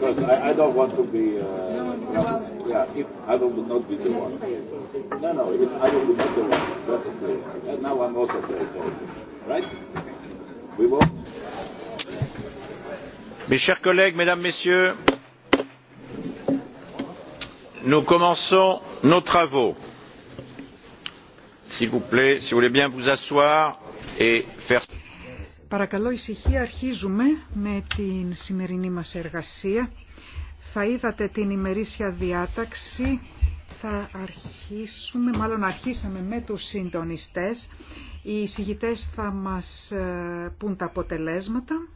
because I, I don't want to be. Uh, yeah, if I would not be the one. No, no, if I would not be the one, that's a And now I'm also very player. Right? We vote. Mes chers collègues, mesdames, messieurs, nous commençons nos travaux. S'il vous plaît, si vous voulez bien vous asseoir et faire. Παρακαλώ ησυχία, αρχίζουμε με την σημερινή μας εργασία. Θα είδατε την ημερήσια διάταξη, θα αρχίσουμε, μάλλον αρχίσαμε με τους συντονιστές. Οι εισηγητές θα μας ε, πούν τα αποτελέσματα.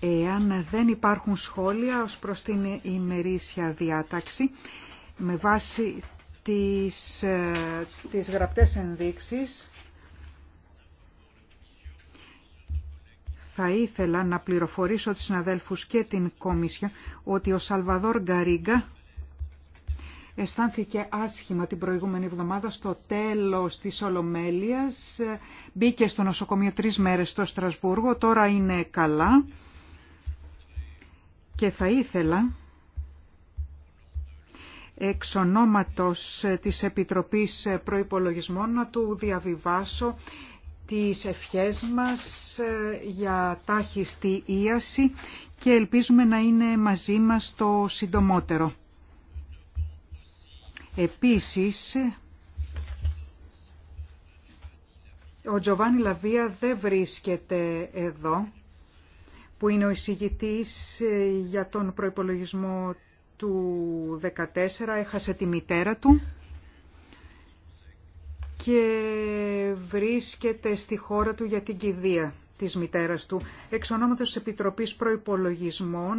Εάν δεν υπάρχουν σχόλια ως προς την ημερήσια διάταξη, με βάση τις, ε, τις γραπτές ενδείξεις Θα ήθελα να πληροφορήσω τους συναδέλφους και την Κομίσια ότι ο Σαλβαδόρ Γκαρίγκα αισθάνθηκε άσχημα την προηγούμενη εβδομάδα στο τέλος της Ολομέλειας. Μπήκε στο νοσοκομείο τρεις μέρες στο Στρασβούργο, τώρα είναι καλά. Και θα ήθελα, εξ ονόματος της Επιτροπής Προϋπολογισμών, να του διαβιβάσω τις ευχές μας ε, για τάχιστη ίαση και ελπίζουμε να είναι μαζί μας το συντομότερο. Επίσης, ο Τζοβάνι Λαβία δεν βρίσκεται εδώ, που είναι ο εισηγητής ε, για τον προϋπολογισμό του 14, έχασε τη μητέρα του και βρίσκεται στη χώρα του για την κηδεία της μητέρας του. Εξ της Επιτροπής Προϋπολογισμών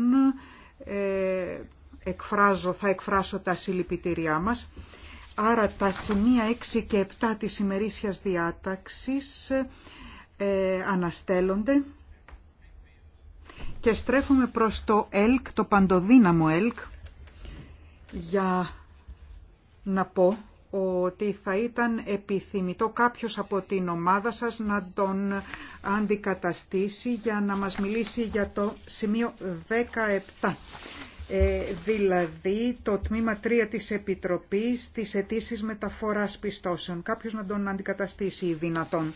ε, εκφράζω, θα εκφράσω τα συλληπιτήριά μας. Άρα τα σημεία 6 και 7 της ημερήσιας διάταξης ε, αναστέλλονται και στρέφουμε προς το ΕΛΚ, το παντοδύναμο ΕΛΚ, για να πω ότι θα ήταν επιθυμητό κάποιος από την ομάδα σας να τον αντικαταστήσει για να μας μιλήσει για το σημείο 17. Ε, δηλαδή το τμήμα 3 της Επιτροπής της αιτήσει μεταφοράς πιστώσεων. Κάποιος να τον αντικαταστήσει δυνατόν.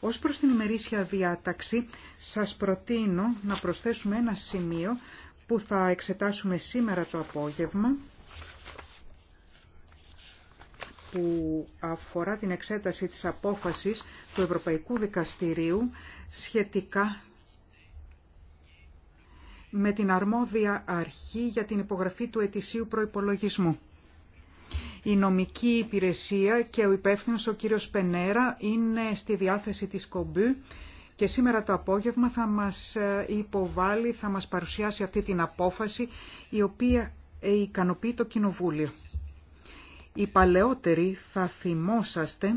Ως προς την ημερήσια διάταξη, σας προτείνω να προσθέσουμε ένα σημείο που θα εξετάσουμε σήμερα το απόγευμα που αφορά την εξέταση της απόφασης του Ευρωπαϊκού Δικαστηρίου σχετικά με την αρμόδια αρχή για την υπογραφή του ετησίου προϋπολογισμού. Η νομική υπηρεσία και ο υπεύθυνο ο κύριος Πενέρα είναι στη διάθεση της Κομπού και σήμερα το απόγευμα θα μας ε, υποβάλει, θα μας παρουσιάσει αυτή την απόφαση η οποία ε, ικανοποιεί το Κοινοβούλιο. Οι παλαιότεροι θα θυμόσαστε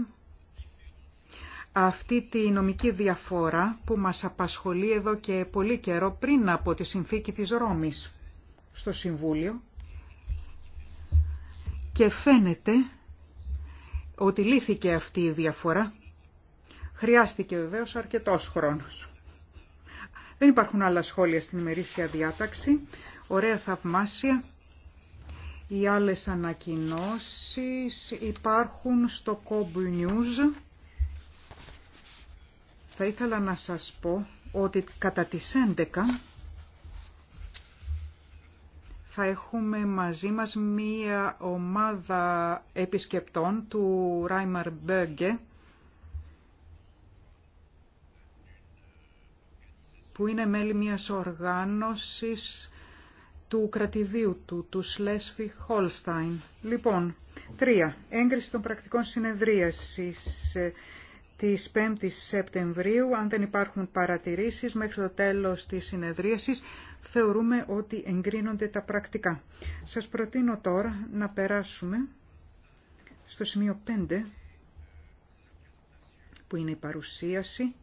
αυτή τη νομική διαφορά που μας απασχολεί εδώ και πολύ καιρό πριν από τη συνθήκη της Ρώμης στο Συμβούλιο και φαίνεται ότι λύθηκε αυτή η διαφορά. Χρειάστηκε βεβαίως αρκετός χρόνος. Δεν υπάρχουν άλλα σχόλια στην ημερήσια διάταξη. Ωραία θαυμάσια. Οι άλλες ανακοινώσεις υπάρχουν στο κόμπου News. Θα ήθελα να σας πω ότι κατά τις 11 θα έχουμε μαζί μας μία ομάδα επισκεπτών του Ράιμαρ Μπέγκε, που είναι μέλη μιας οργάνωσης του κρατηδίου του, του Σλέσφι Χολστάιν. Λοιπόν, τρία. Έγκριση των πρακτικών συνεδρίασης ε, της 5ης Σεπτεμβρίου. Αν δεν υπάρχουν παρατηρήσεις μέχρι το τέλος της συνεδρίασης, θεωρούμε ότι εγκρίνονται τα πρακτικά. Σας προτείνω τώρα να περάσουμε στο σημείο 5, που είναι η παρουσίαση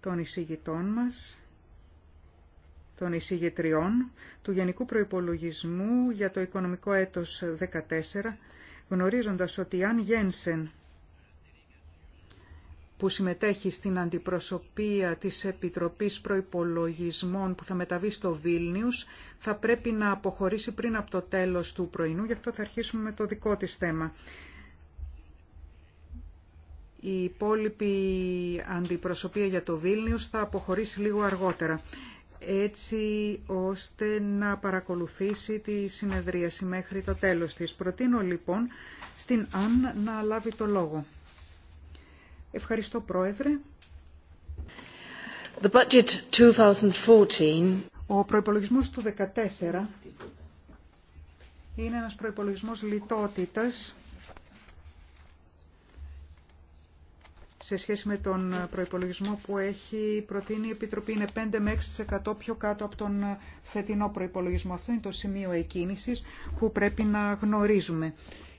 των εισηγητών μας των εισηγητριών του Γενικού Προϋπολογισμού για το οικονομικό έτος 14, γνωρίζοντας ότι αν Γένσεν που συμμετέχει στην αντιπροσωπεία της Επιτροπής Προϋπολογισμών που θα μεταβεί στο Βίλνιους, θα πρέπει να αποχωρήσει πριν από το τέλος του πρωινού, γι' αυτό θα αρχίσουμε με το δικό της θέμα. Η υπόλοιπη αντιπροσωπεία για το Βίλνιους θα αποχωρήσει λίγο αργότερα έτσι ώστε να παρακολουθήσει τη συνεδρίαση μέχρι το τέλος της. Προτείνω λοιπόν στην Αν να λάβει το λόγο. Ευχαριστώ Πρόεδρε. The budget 2014. Ο προϋπολογισμός του 2014 είναι ένας προϋπολογισμός λιτότητας σε σχέση με τον προϋπολογισμό που έχει προτείνει η Επιτροπή είναι 5 με 6% πιο κάτω από τον φετινό προϋπολογισμό. Αυτό είναι το σημείο εκκίνησης που πρέπει να γνωρίζουμε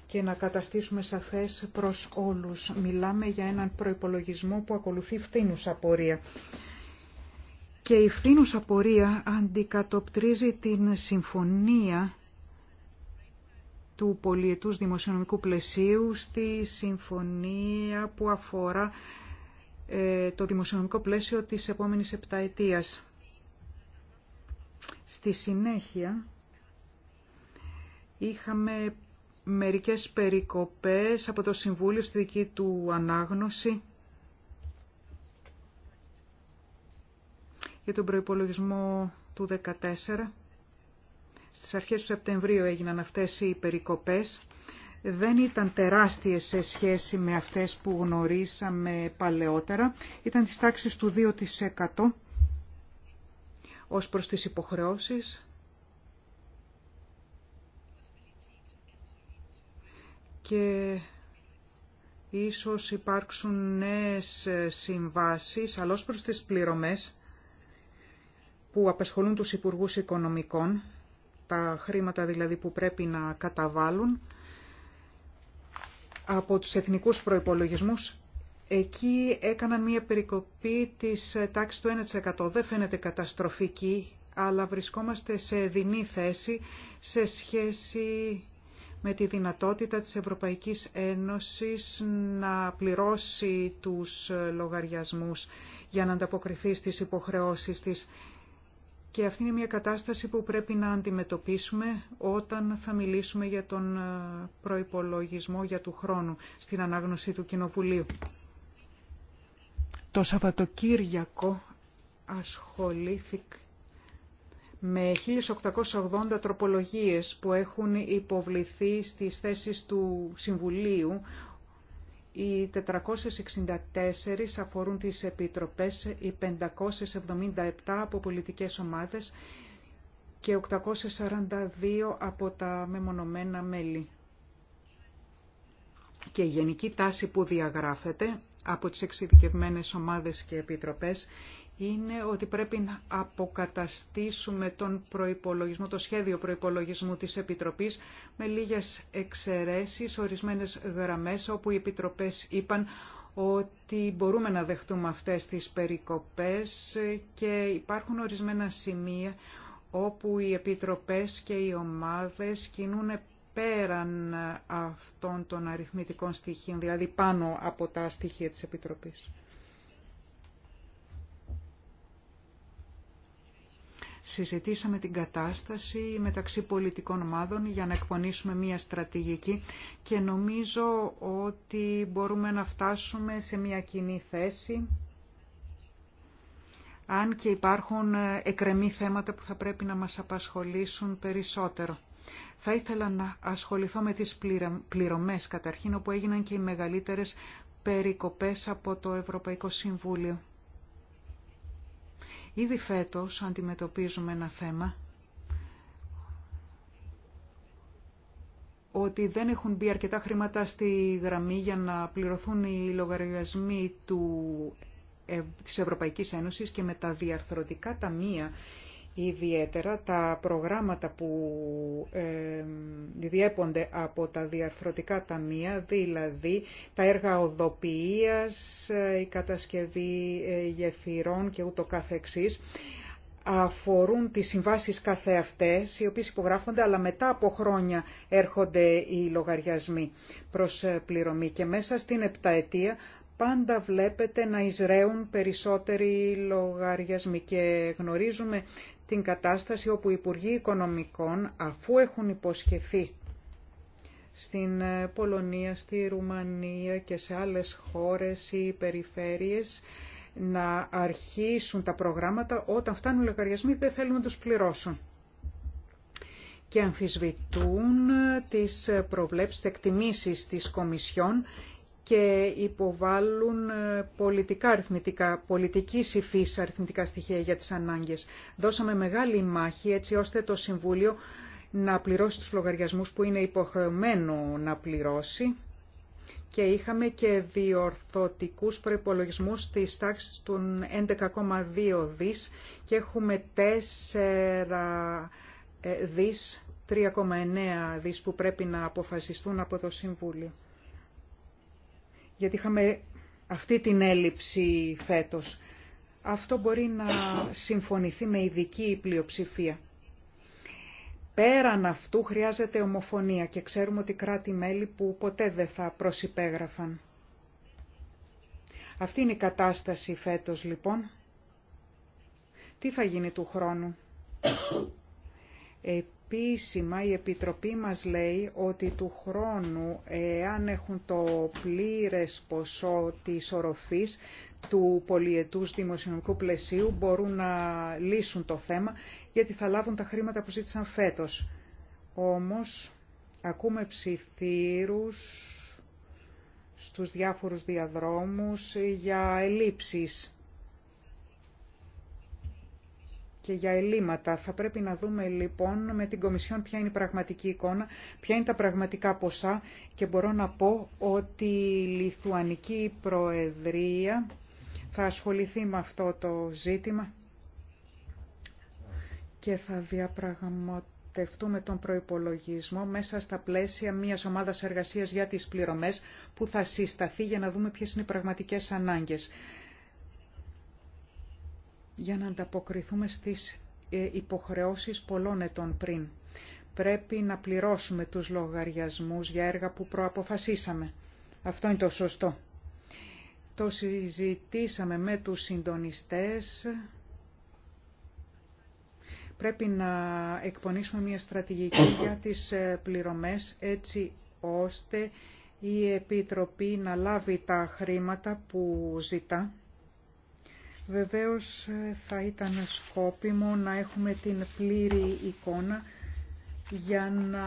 και να καταστήσουμε σαφές προς όλους. Μιλάμε για έναν προϋπολογισμό που ακολουθεί φθήνουσα πορεία. Και η φθήνουσα πορεία αντικατοπτρίζει την συμφωνία του πολιετούς δημοσιονομικού πλαισίου στη συμφωνία που αφορά ε, το δημοσιονομικό πλαίσιο της επόμενης επταετίας. Στη συνέχεια είχαμε μερικές περικοπές από το Συμβούλιο στη δική του ανάγνωση για τον προϋπολογισμό του 2014 στις αρχές του Σεπτεμβρίου έγιναν αυτές οι περικοπές. Δεν ήταν τεράστιες σε σχέση με αυτές που γνωρίσαμε παλαιότερα. Ήταν της τάξης του 2% ως προς τις υποχρεώσεις. Και ίσως υπάρξουν νέες συμβάσεις, αλλά προς τις πληρωμές που απασχολούν τους Υπουργούς Οικονομικών, τα χρήματα δηλαδή που πρέπει να καταβάλουν από τους εθνικούς προϋπολογισμούς, εκεί έκαναν μία περικοπή της τάξης του 1%. Δεν φαίνεται καταστροφική, αλλά βρισκόμαστε σε δινή θέση σε σχέση με τη δυνατότητα της Ευρωπαϊκής Ένωσης να πληρώσει τους λογαριασμούς για να ανταποκριθεί στις υποχρεώσεις της. Και αυτή είναι μια κατάσταση που πρέπει να αντιμετωπίσουμε όταν θα μιλήσουμε για τον ε, προϋπολογισμό για του χρόνου στην ανάγνωση του Κοινοβουλίου. Το Σαββατοκύριακο ασχολήθηκε με 1880 τροπολογίες που έχουν υποβληθεί στις θέσεις του Συμβουλίου οι 464 αφορούν τις επιτροπές, οι 577 από πολιτικές ομάδες και 842 από τα μεμονωμένα μέλη. Και η γενική τάση που διαγράφεται από τις εξειδικευμένες ομάδες και επιτροπές είναι ότι πρέπει να αποκαταστήσουμε τον προϋπολογισμό, το σχέδιο προϋπολογισμού της Επιτροπής με λίγες εξαιρέσεις, ορισμένες γραμμές όπου οι Επιτροπές είπαν ότι μπορούμε να δεχτούμε αυτές τις περικοπές και υπάρχουν ορισμένα σημεία όπου οι Επιτροπές και οι ομάδες κινούν πέραν αυτών των αριθμητικών στοιχείων, δηλαδή πάνω από τα στοιχεία της Επιτροπής. συζητήσαμε την κατάσταση μεταξύ πολιτικών ομάδων για να εκπονήσουμε μία στρατηγική και νομίζω ότι μπορούμε να φτάσουμε σε μία κοινή θέση αν και υπάρχουν εκρεμή θέματα που θα πρέπει να μας απασχολήσουν περισσότερο. Θα ήθελα να ασχοληθώ με τις πληρωμές καταρχήν, όπου έγιναν και οι μεγαλύτερες περικοπές από το Ευρωπαϊκό Συμβούλιο. Ήδη φέτος αντιμετωπίζουμε ένα θέμα ότι δεν έχουν μπει αρκετά χρήματα στη γραμμή για να πληρωθούν οι λογαριασμοί του, της Ευρωπαϊκής Ένωσης και με τα διαρθρωτικά ταμεία Ιδιαίτερα τα προγράμματα που ε, διέπονται από τα διαρθρωτικά ταμεία, δηλαδή τα έργα οδοποιίας, ε, η κατασκευή ε, γεφυρών και ούτω καθεξής, αφορούν τις συμβάσεις καθεαυτές, οι οποίες υπογράφονται, αλλά μετά από χρόνια έρχονται οι λογαριασμοί προς ε, πληρωμή. Και μέσα στην επταετία πάντα βλέπετε να εισραίουν περισσότεροι λογαριασμοί και γνωρίζουμε την κατάσταση όπου οι Υπουργοί Οικονομικών, αφού έχουν υποσχεθεί στην ε, Πολωνία, στη Ρουμανία και σε άλλες χώρες ή περιφέρειες, να αρχίσουν τα προγράμματα όταν φτάνουν λογαριασμοί δεν θέλουν να τους πληρώσουν και αμφισβητούν ε, τις προβλέψεις, εκτιμήσεις της Κομισιόν και υποβάλλουν ε, πολιτικά αριθμητικά, πολιτική υφή αριθμητικά στοιχεία για τις ανάγκες. Δώσαμε μεγάλη μάχη έτσι ώστε το Συμβούλιο να πληρώσει τους λογαριασμούς που είναι υποχρεωμένο να πληρώσει και είχαμε και διορθωτικούς προϋπολογισμούς τη τάξη των 11,2 δις και έχουμε 4 ε, δις, 3,9 δις που πρέπει να αποφασιστούν από το Συμβούλιο γιατί είχαμε αυτή την έλλειψη φέτος. Αυτό μπορεί να συμφωνηθεί με ειδική πλειοψηφία. Πέραν αυτού χρειάζεται ομοφωνία και ξέρουμε ότι κράτη-μέλη που ποτέ δεν θα προσυπέγραφαν. Αυτή είναι η κατάσταση φέτος λοιπόν. Τι θα γίνει του χρόνου επίσημα η Επιτροπή μας λέει ότι του χρόνου, εάν έχουν το πλήρες ποσό της οροφής του πολιετούς δημοσιονομικού πλαισίου, μπορούν να λύσουν το θέμα, γιατί θα λάβουν τα χρήματα που ζήτησαν φέτος. Όμως, ακούμε ψιθύρους στους διάφορους διαδρόμους για ελλείψεις και για ελλείμματα. Θα πρέπει να δούμε λοιπόν με την Κομισιόν ποια είναι η πραγματική εικόνα, ποια είναι τα πραγματικά ποσά και μπορώ να πω ότι η Λιθουανική Προεδρία θα ασχοληθεί με αυτό το ζήτημα και θα διαπραγματευτούμε τον προϋπολογισμό μέσα στα πλαίσια μιας ομάδας εργασίας για τις πληρωμές που θα συσταθεί για να δούμε ποιες είναι οι πραγματικές ανάγκες για να ανταποκριθούμε στις ε, υποχρεώσεις πολλών ετών πριν. Πρέπει να πληρώσουμε τους λογαριασμούς για έργα που προαποφασίσαμε. Αυτό είναι το σωστό. Το συζητήσαμε με τους συντονιστές. Πρέπει να εκπονήσουμε μια στρατηγική για τις ε, πληρωμές έτσι ώστε η Επιτροπή να λάβει τα χρήματα που ζητά Βεβαίως ε, θα ήταν σκόπιμο να έχουμε την πλήρη εικόνα για να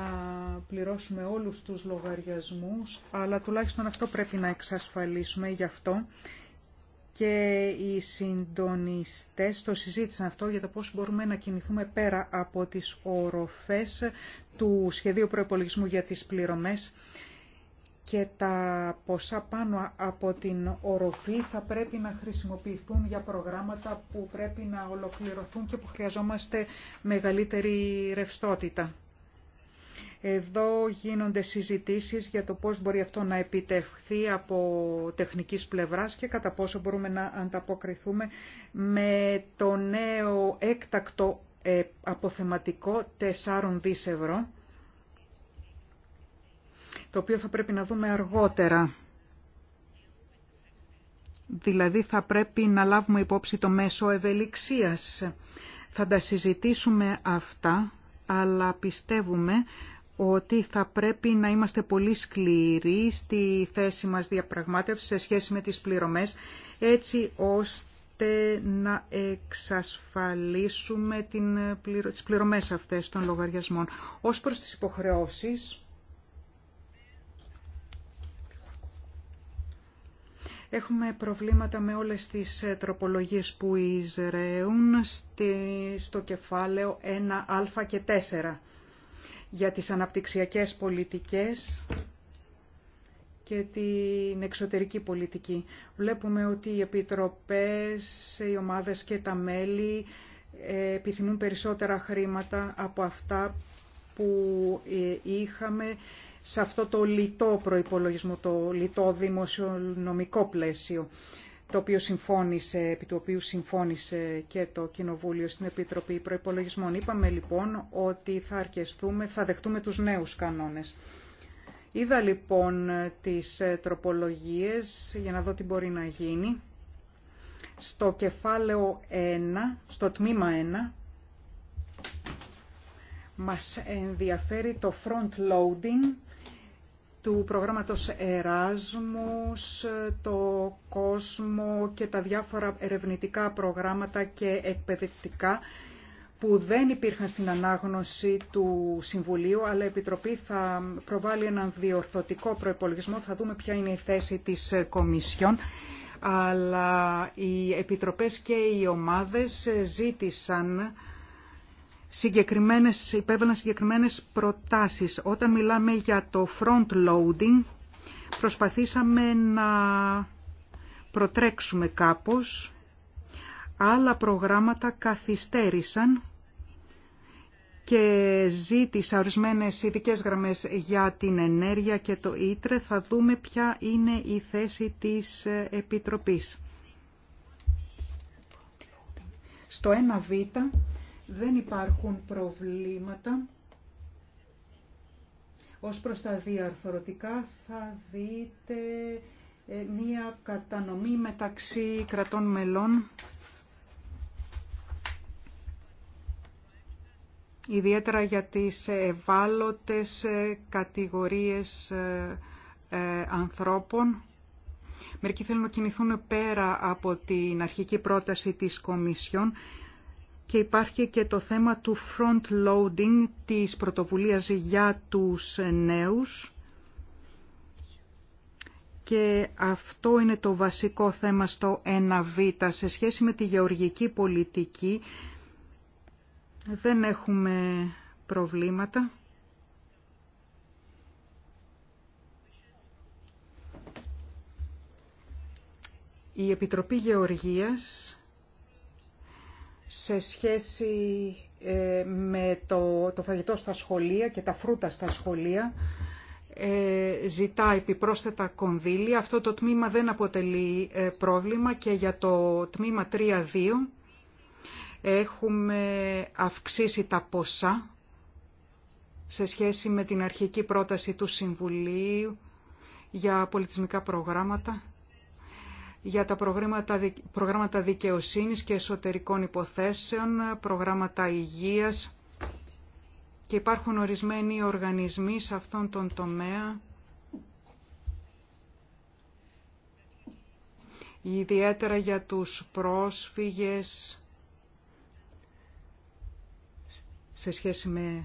πληρώσουμε όλους τους λογαριασμούς, αλλά τουλάχιστον αυτό πρέπει να εξασφαλίσουμε γι' αυτό και οι συντονιστές το συζήτησαν αυτό για το πώς μπορούμε να κινηθούμε πέρα από τις οροφές του σχεδίου προϋπολογισμού για τις πληρωμές και τα ποσά πάνω από την οροφή θα πρέπει να χρησιμοποιηθούν για προγράμματα που πρέπει να ολοκληρωθούν και που χρειαζόμαστε μεγαλύτερη ρευστότητα. Εδώ γίνονται συζητήσεις για το πώς μπορεί αυτό να επιτευχθεί από τεχνικής πλευράς και κατά πόσο μπορούμε να ανταποκριθούμε με το νέο έκτακτο ε, αποθεματικό 4 δις ευρώ το οποίο θα πρέπει να δούμε αργότερα. Δηλαδή θα πρέπει να λάβουμε υπόψη το μέσο ευελιξίας. Θα τα συζητήσουμε αυτά, αλλά πιστεύουμε ότι θα πρέπει να είμαστε πολύ σκληροί στη θέση μας διαπραγμάτευση σε σχέση με τις πληρωμές, έτσι ώστε να εξασφαλίσουμε την, τις πληρωμές αυτές των λογαριασμών. Ως προς τις υποχρεώσεις, Έχουμε προβλήματα με όλες τις ε, τροπολογίες που εισραίουν στο κεφάλαιο 1α και 4 για τις αναπτυξιακές πολιτικές και την εξωτερική πολιτική. Βλέπουμε ότι οι επιτροπές, οι ομάδες και τα μέλη ε, επιθυμούν περισσότερα χρήματα από αυτά που ε, είχαμε σε αυτό το λιτό προϋπολογισμό, το λιτό δημοσιονομικό πλαίσιο, το οποίο συμφώνησε, επί του συμφώνησε και το Κοινοβούλιο στην Επιτροπή Προϋπολογισμών. Είπαμε λοιπόν ότι θα αρκεστούμε, θα δεχτούμε τους νέους κανόνες. Είδα λοιπόν τις τροπολογίες για να δω τι μπορεί να γίνει. Στο κεφάλαιο 1, στο τμήμα 1, μας ενδιαφέρει το front loading του προγράμματος Εράσμους, το κόσμο και τα διάφορα ερευνητικά προγράμματα και εκπαιδευτικά που δεν υπήρχαν στην ανάγνωση του Συμβουλίου, αλλά η Επιτροπή θα προβάλλει έναν διορθωτικό προϋπολογισμό. Θα δούμε ποια είναι η θέση της Κομισιόν. Αλλά οι Επιτροπές και οι ομάδες ζήτησαν συγκεκριμένες, υπέβαλαν συγκεκριμένες προτάσεις. Όταν μιλάμε για το front loading, προσπαθήσαμε να προτρέξουμε κάπως. Άλλα προγράμματα καθυστέρησαν και ζήτησα ορισμένε ειδικέ γραμμές για την ενέργεια και το ΙΤΡΕ. Θα δούμε ποια είναι η θέση της Επιτροπής. Στο 1β δεν υπάρχουν προβλήματα. Ως προς τα διαρθρωτικά θα δείτε ε, μία κατανομή μεταξύ κρατών μελών. ιδιαίτερα για τις ευάλωτες ε, κατηγορίες ε, ανθρώπων. Μερικοί θέλουν να κινηθούν πέρα από την αρχική πρόταση της Κομισιόν και υπάρχει και το θέμα του front loading της πρωτοβουλίας για τους νέους και αυτό είναι το βασικό θέμα στο 1β σε σχέση με τη γεωργική πολιτική δεν έχουμε προβλήματα. Η Επιτροπή Γεωργίας σε σχέση ε, με το, το φαγητό στα σχολεία και τα φρούτα στα σχολεία ε, ζητά επιπρόσθετα κονδύλια. Αυτό το τμήμα δεν αποτελεί ε, πρόβλημα και για το τμήμα 3-2 έχουμε αυξήσει τα ποσά σε σχέση με την αρχική πρόταση του Συμβουλίου για πολιτισμικά προγράμματα για τα προγράμματα, προγράμματα δικαιοσύνης και εσωτερικών υποθέσεων, προγράμματα υγείας και υπάρχουν ορισμένοι οργανισμοί σε αυτόν τον τομέα. Ιδιαίτερα για τους πρόσφυγες σε σχέση με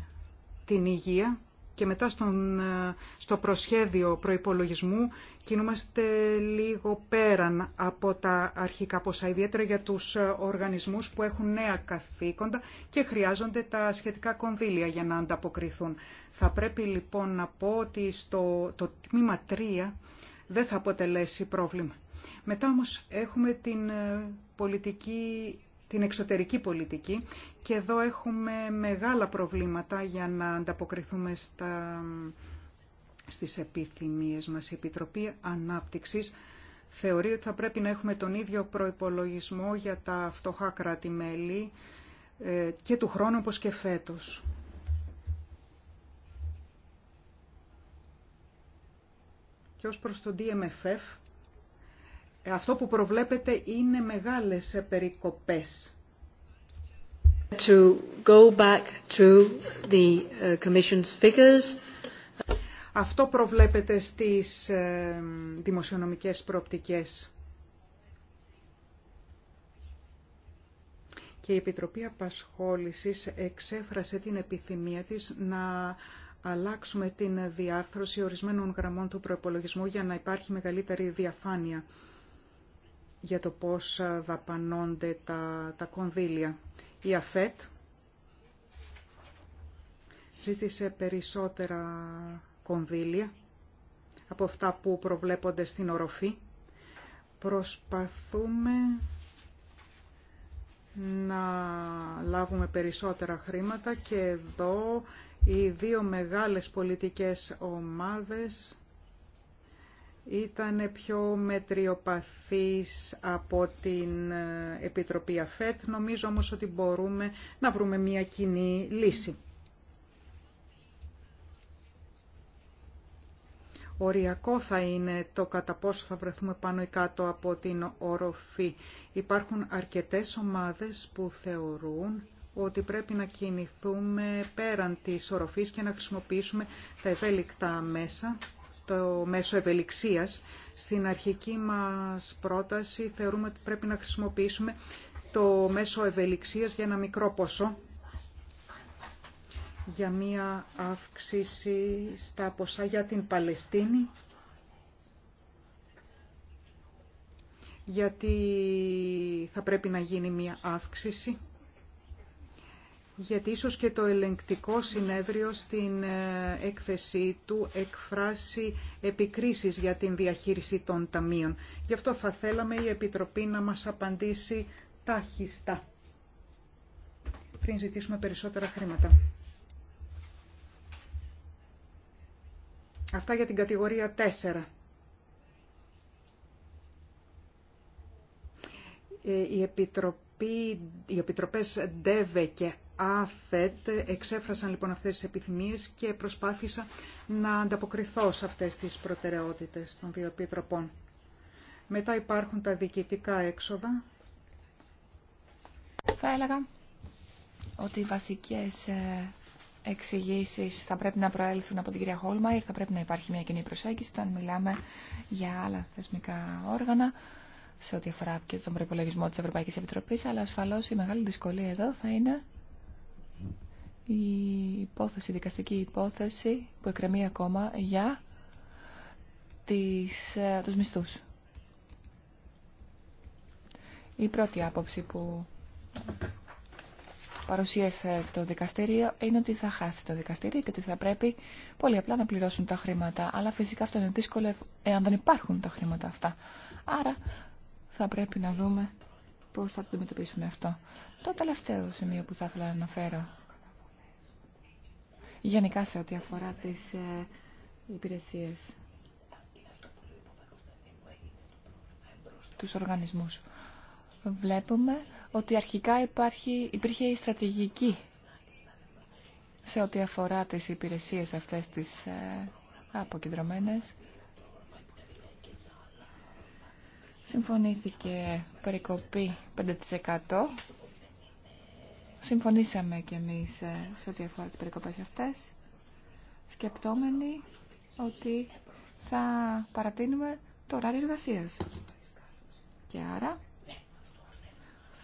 την υγεία και μετά στον, ε, στο προσχέδιο προϋπολογισμού κινούμαστε λίγο πέραν από τα αρχικά ποσά, ιδιαίτερα για τους ε, οργανισμούς που έχουν νέα καθήκοντα και χρειάζονται τα σχετικά κονδύλια για να ανταποκριθούν. Θα πρέπει λοιπόν να πω ότι στο, το τμήμα 3 δεν θα αποτελέσει πρόβλημα. Μετά όμως έχουμε την ε, πολιτική την εξωτερική πολιτική και εδώ έχουμε μεγάλα προβλήματα για να ανταποκριθούμε στα, στις επιθυμίες μας. Η Επιτροπή Ανάπτυξης θεωρεί ότι θα πρέπει να έχουμε τον ίδιο προϋπολογισμό για τα φτωχά κράτη-μέλη ε, και του χρόνου όπως και φέτος. Και ως προς το DMFF, αυτό που προβλέπετε είναι μεγάλες περικοπές. To go back to the uh, commission's figures. Αυτό προβλέπετε στις ε, δημοσιονομικές προοπτικές. Και η Επιτροπή Απασχόλησης εξέφρασε την επιθυμία της να αλλάξουμε την διάρθρωση ορισμένων γραμμών του προπολογισμού για να υπάρχει μεγαλύτερη διαφάνεια για το πώς δαπανώνται τα, τα κονδύλια. Η ΑΦΕΤ ζήτησε περισσότερα κονδύλια από αυτά που προβλέπονται στην οροφή. Προσπαθούμε να λάβουμε περισσότερα χρήματα και εδώ οι δύο μεγάλες πολιτικές ομάδες ήταν πιο μετριοπαθής από την ε, Επιτροπή ΑΦΕΤ. Νομίζω όμως ότι μπορούμε να βρούμε μια κοινή λύση. Οριακό θα είναι το κατά πόσο θα βρεθούμε πάνω ή κάτω από την οροφή. Υπάρχουν αρκετές ομάδες που θεωρούν ότι πρέπει να κινηθούμε πέραν της οροφής και να χρησιμοποιήσουμε τα ευέλικτα μέσα το μέσο ευελιξίας. Στην αρχική μας πρόταση θεωρούμε ότι πρέπει να χρησιμοποιήσουμε το μέσο ευελιξίας για ένα μικρό ποσό, για μία αύξηση στα ποσά για την Παλαιστίνη, γιατί θα πρέπει να γίνει μία αύξηση γιατί ίσως και το ελεγκτικό συνέδριο στην ε, έκθεσή του εκφράσει επικρίσεις για την διαχείριση των ταμείων. Γι' αυτό θα θέλαμε η Επιτροπή να μας απαντήσει τάχιστα πριν ζητήσουμε περισσότερα χρήματα. Αυτά για την κατηγορία 4. Ε, η Επιτροπή, οι Επιτροπές ντεβεκε. και ΑΦΕΤ εξέφρασαν λοιπόν αυτές τις επιθυμίες και προσπάθησα να ανταποκριθώ σε αυτές τις προτεραιότητες των δύο επιτροπών. Μετά υπάρχουν τα διοικητικά έξοδα. Θα έλεγα ότι οι βασικές ε, εξηγήσει θα πρέπει να προέλθουν από την κυρία Χόλμαϊρ, θα πρέπει να υπάρχει μια κοινή προσέγγιση όταν μιλάμε για άλλα θεσμικά όργανα σε ό,τι αφορά και τον προπολογισμό της Ευρωπαϊκής Επιτροπής, αλλά ασφαλώς η μεγάλη δυσκολία εδώ θα είναι η υπόθεση, η δικαστική υπόθεση που εκκρεμεί ακόμα για τις, ε, τους μισθούς. Η πρώτη άποψη που παρουσίασε το δικαστήριο είναι ότι θα χάσει το δικαστήριο και ότι θα πρέπει πολύ απλά να πληρώσουν τα χρήματα. Αλλά φυσικά αυτό είναι δύσκολο εάν δεν υπάρχουν τα χρήματα αυτά. Άρα θα πρέπει να δούμε πώς θα το αντιμετωπίσουμε αυτό. Το τελευταίο σημείο που θα ήθελα να αναφέρω γενικά σε ό,τι αφορά τις ε, υπηρεσίες, τους οργανισμούς. Βλέπουμε ότι αρχικά υπάρχει, υπήρχε η στρατηγική σε ό,τι αφορά τις υπηρεσίες αυτές τις ε, αποκεντρωμένες. Συμφωνήθηκε περικοπή 5% συμφωνήσαμε κι εμείς ε, σε ό,τι αφορά τις περικοπές αυτές, σκεπτόμενοι ότι θα παρατείνουμε το ωράριο εργασία. Και άρα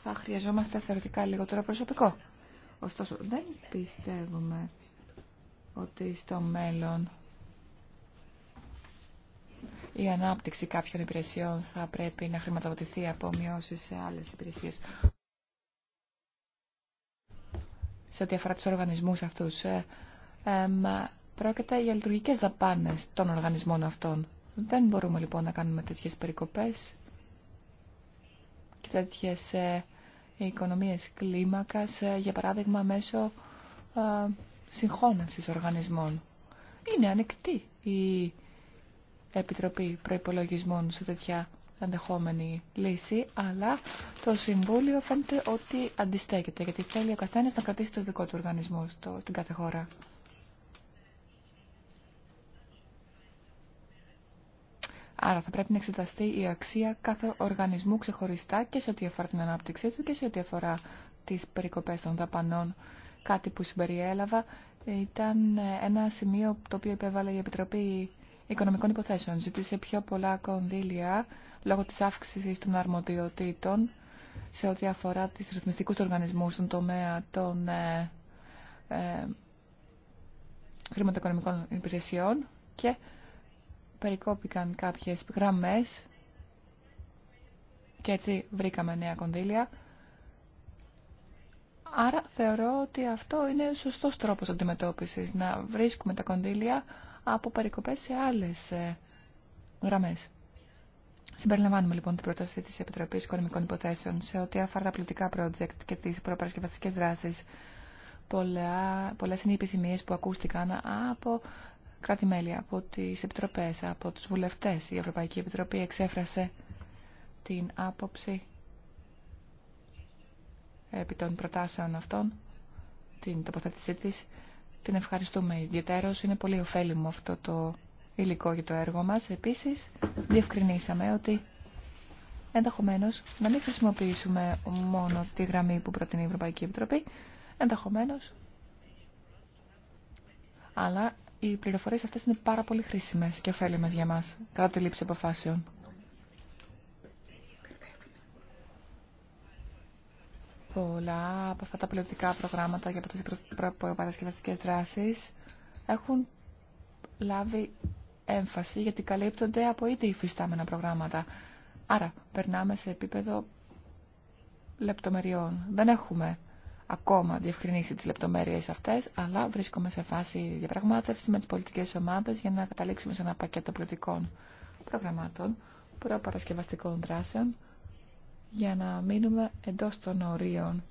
θα χρειαζόμαστε θεωρητικά λιγότερο προσωπικό. Ωστόσο, δεν πιστεύουμε ότι στο μέλλον η ανάπτυξη κάποιων υπηρεσιών θα πρέπει να χρηματοδοτηθεί από μειώσεις σε άλλες υπηρεσίες σε ό,τι αφορά τους οργανισμούς αυτούς. Ε, πρόκειται για λειτουργικές δαπάνες των οργανισμών αυτών. Δεν μπορούμε λοιπόν να κάνουμε τέτοιες περικοπές και τέτοιες ε, οικονομίες κλίμακας, ε, για παράδειγμα μέσω ε, συγχώνευσης οργανισμών. Είναι ανοιχτή η Επιτροπή Προϋπολογισμών σε τέτοια ενδεχόμενη λύση, αλλά το Συμβούλιο φαίνεται ότι αντιστέκεται, γιατί θέλει ο καθένα να κρατήσει το δικό του οργανισμό στο, στην κάθε χώρα. Άρα θα πρέπει να εξεταστεί η αξία κάθε οργανισμού ξεχωριστά και σε ό,τι αφορά την ανάπτυξή του και σε ό,τι αφορά τις περικοπές των δαπανών. Κάτι που συμπεριέλαβα ήταν ένα σημείο το οποίο επέβαλε η Επιτροπή Οικονομικών Υποθέσεων. Ζήτησε πιο πολλά κονδύλια λόγω της αύξησης των αρμοδιοτήτων σε ό,τι αφορά τις ρυθμιστικούς οργανισμούς στον τομέα των ε, ε, χρηματοοικονομικών υπηρεσιών και περικόπηκαν κάποιες γραμμές και έτσι βρήκαμε νέα κονδύλια. Άρα θεωρώ ότι αυτό είναι σωστός τρόπος αντιμετώπισης, να βρίσκουμε τα κονδύλια από περικοπές σε άλλες ε, γραμμές. Συμπεριλαμβάνουμε λοιπόν την πρόταση τη Επιτροπή Οικονομικών Υποθέσεων σε ό,τι αφορά τα πολιτικά project και τι προπαρασκευαστικέ δράσει. Πολλέ είναι οι επιθυμίε που ακούστηκαν από κράτη-μέλη, από τι επιτροπέ, από του βουλευτέ. Η Ευρωπαϊκή Επιτροπή εξέφρασε την άποψη επί των προτάσεων αυτών, την τοποθέτησή τη. Την ευχαριστούμε ιδιαίτερω. Είναι πολύ ωφέλιμο αυτό το υλικό για το έργο μας. Επίσης, διευκρινίσαμε ότι ενδεχομένω να μην χρησιμοποιήσουμε μόνο τη γραμμή που προτείνει η Ευρωπαϊκή Επιτροπή, ενδεχομένως, αλλά οι πληροφορίες αυτές είναι πάρα πολύ χρήσιμες και ωφέλιμες για μας κατά τη λήψη αποφάσεων. Πολλά από αυτά τα πολιτικά προγράμματα για τις δράσεις έχουν λάβει έμφαση γιατί καλύπτονται από ήδη υφιστάμενα προγράμματα. Άρα περνάμε σε επίπεδο λεπτομεριών. Δεν έχουμε ακόμα διευκρινίσει τις λεπτομέρειες αυτές, αλλά βρίσκομαι σε φάση διαπραγμάτευση με τις πολιτικές ομάδες για να καταλήξουμε σε ένα πακέτο πληθυκών προγραμμάτων, προπαρασκευαστικών δράσεων, για να μείνουμε εντός των ορίων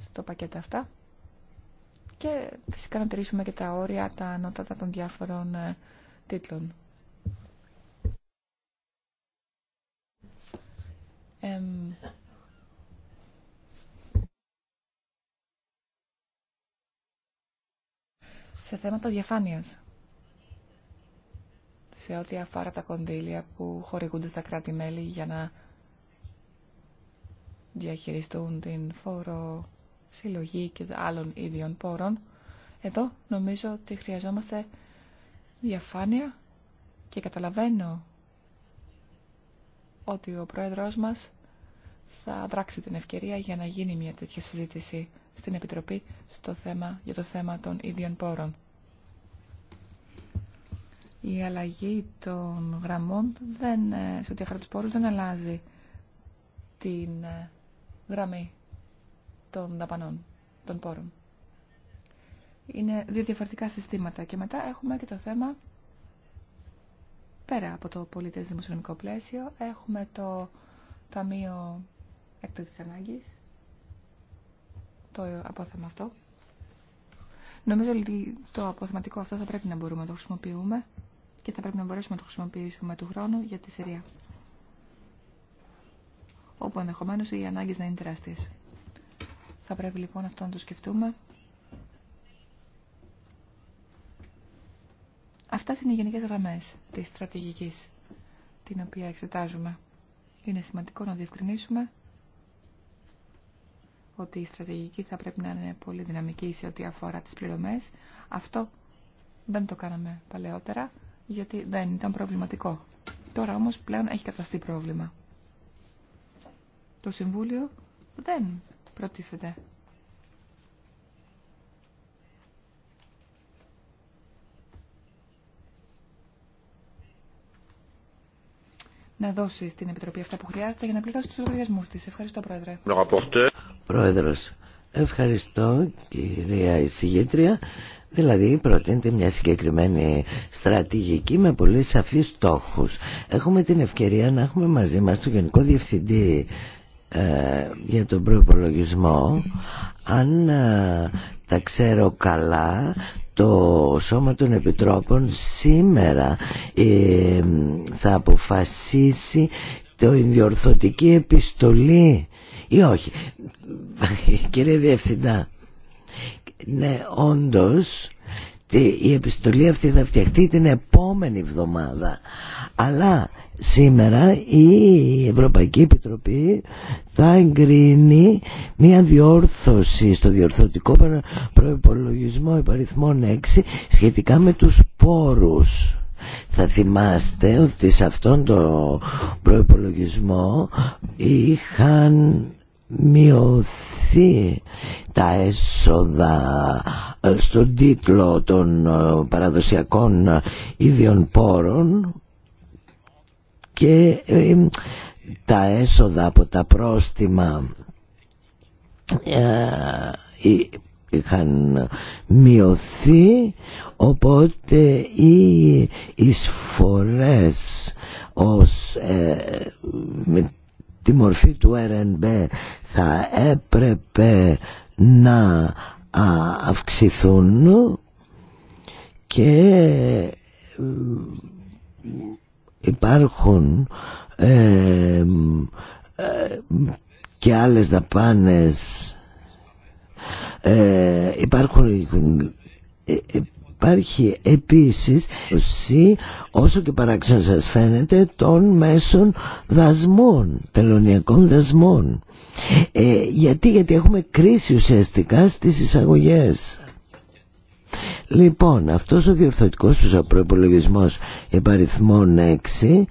στο πακέτο αυτά και φυσικά να τηρήσουμε και τα όρια, τα ανώτατα των διάφορων ε, τίτλων. σε θέματα διαφάνειας σε ό,τι αφορά τα κονδύλια που χορηγούνται στα κράτη-μέλη για να διαχειριστούν την φόρο συλλογή και άλλων ίδιων πόρων. Εδώ νομίζω ότι χρειαζόμαστε διαφάνεια και καταλαβαίνω ότι ο Πρόεδρός μας θα δράξει την ευκαιρία για να γίνει μια τέτοια συζήτηση στην Επιτροπή στο θέμα, για το θέμα των ίδιων πόρων. Η αλλαγή των γραμμών δεν, ε, σε ό,τι αφορά τους πόρους δεν αλλάζει την ε, γραμμή των δαπανών, των πόρων. Είναι δύο διαφορετικά συστήματα. Και μετά έχουμε και το θέμα, πέρα από το πολιτές δημοσιονομικό πλαίσιο, έχουμε το Ταμείο Έκτακτης Ανάγκης, το απόθεμα αυτό. Νομίζω ότι το αποθεματικό αυτό θα πρέπει να μπορούμε να το χρησιμοποιούμε και θα πρέπει να μπορέσουμε να το χρησιμοποιήσουμε του χρόνου για τη Συρία. Όπου ενδεχομένω οι ανάγκε να είναι τεράστιες. Θα πρέπει λοιπόν αυτό να το σκεφτούμε. Αυτά είναι οι γενικές γραμμές της στρατηγικής την οποία εξετάζουμε. Είναι σημαντικό να διευκρινίσουμε ότι η στρατηγική θα πρέπει να είναι πολύ δυναμική σε ό,τι αφορά τις πληρωμές. Αυτό δεν το κάναμε παλαιότερα γιατί δεν ήταν προβληματικό. Τώρα όμως πλέον έχει καταστεί πρόβλημα. Το Συμβούλιο δεν προτίθεται. να δώσει στην Επιτροπή αυτά που χρειάζεται για να πληρώσει τους λογαριασμούς της. Ευχαριστώ, Πρόεδρε. Πρόεδρος, ευχαριστώ κυρία εισηγήτρια. Δηλαδή προτείνεται μια συγκεκριμένη στρατηγική με πολύ σαφείς στόχους. Έχουμε την ευκαιρία να έχουμε μαζί μας τον Γενικό Διευθυντή ε, για τον προπολογισμό αν ε, τα ξέρω καλά το Σώμα των Επιτρόπων σήμερα ε, θα αποφασίσει το ιδιορθωτική επιστολή... ή όχι... κύριε Διευθυντά ναι όντως η επιστολή αυτή θα φτιαχτεί την επόμενη εβδομάδα αλλά Σήμερα η Ευρωπαϊκή Επιτροπή θα εγκρίνει μια διόρθωση στο διορθωτικό προϋπολογισμό υπαριθμών 6 σχετικά με τους πόρους. Θα θυμάστε ότι σε αυτόν τον προϋπολογισμό είχαν μειωθεί τα έσοδα ε, στον τίτλο των ε, παραδοσιακών ε, ίδιων πόρων και τα έσοδα από τα πρόστιμα ε, είχαν μειωθεί οπότε οι εισφορές ως ε, με τη μορφή του RNB θα έπρεπε να αυξηθούν και ε, υπάρχουν ε, ε, και άλλες δαπάνες ε, υπάρχουν ε, υπάρχει επίσης όσο και παράξενο σας φαίνεται των μέσων δασμών τελωνιακών δασμών γιατί, γιατί έχουμε κρίση ουσιαστικά στις εισαγωγές Λοιπόν, αυτός ο διορθωτικός τους προϋπολογισμός επαριθμών 6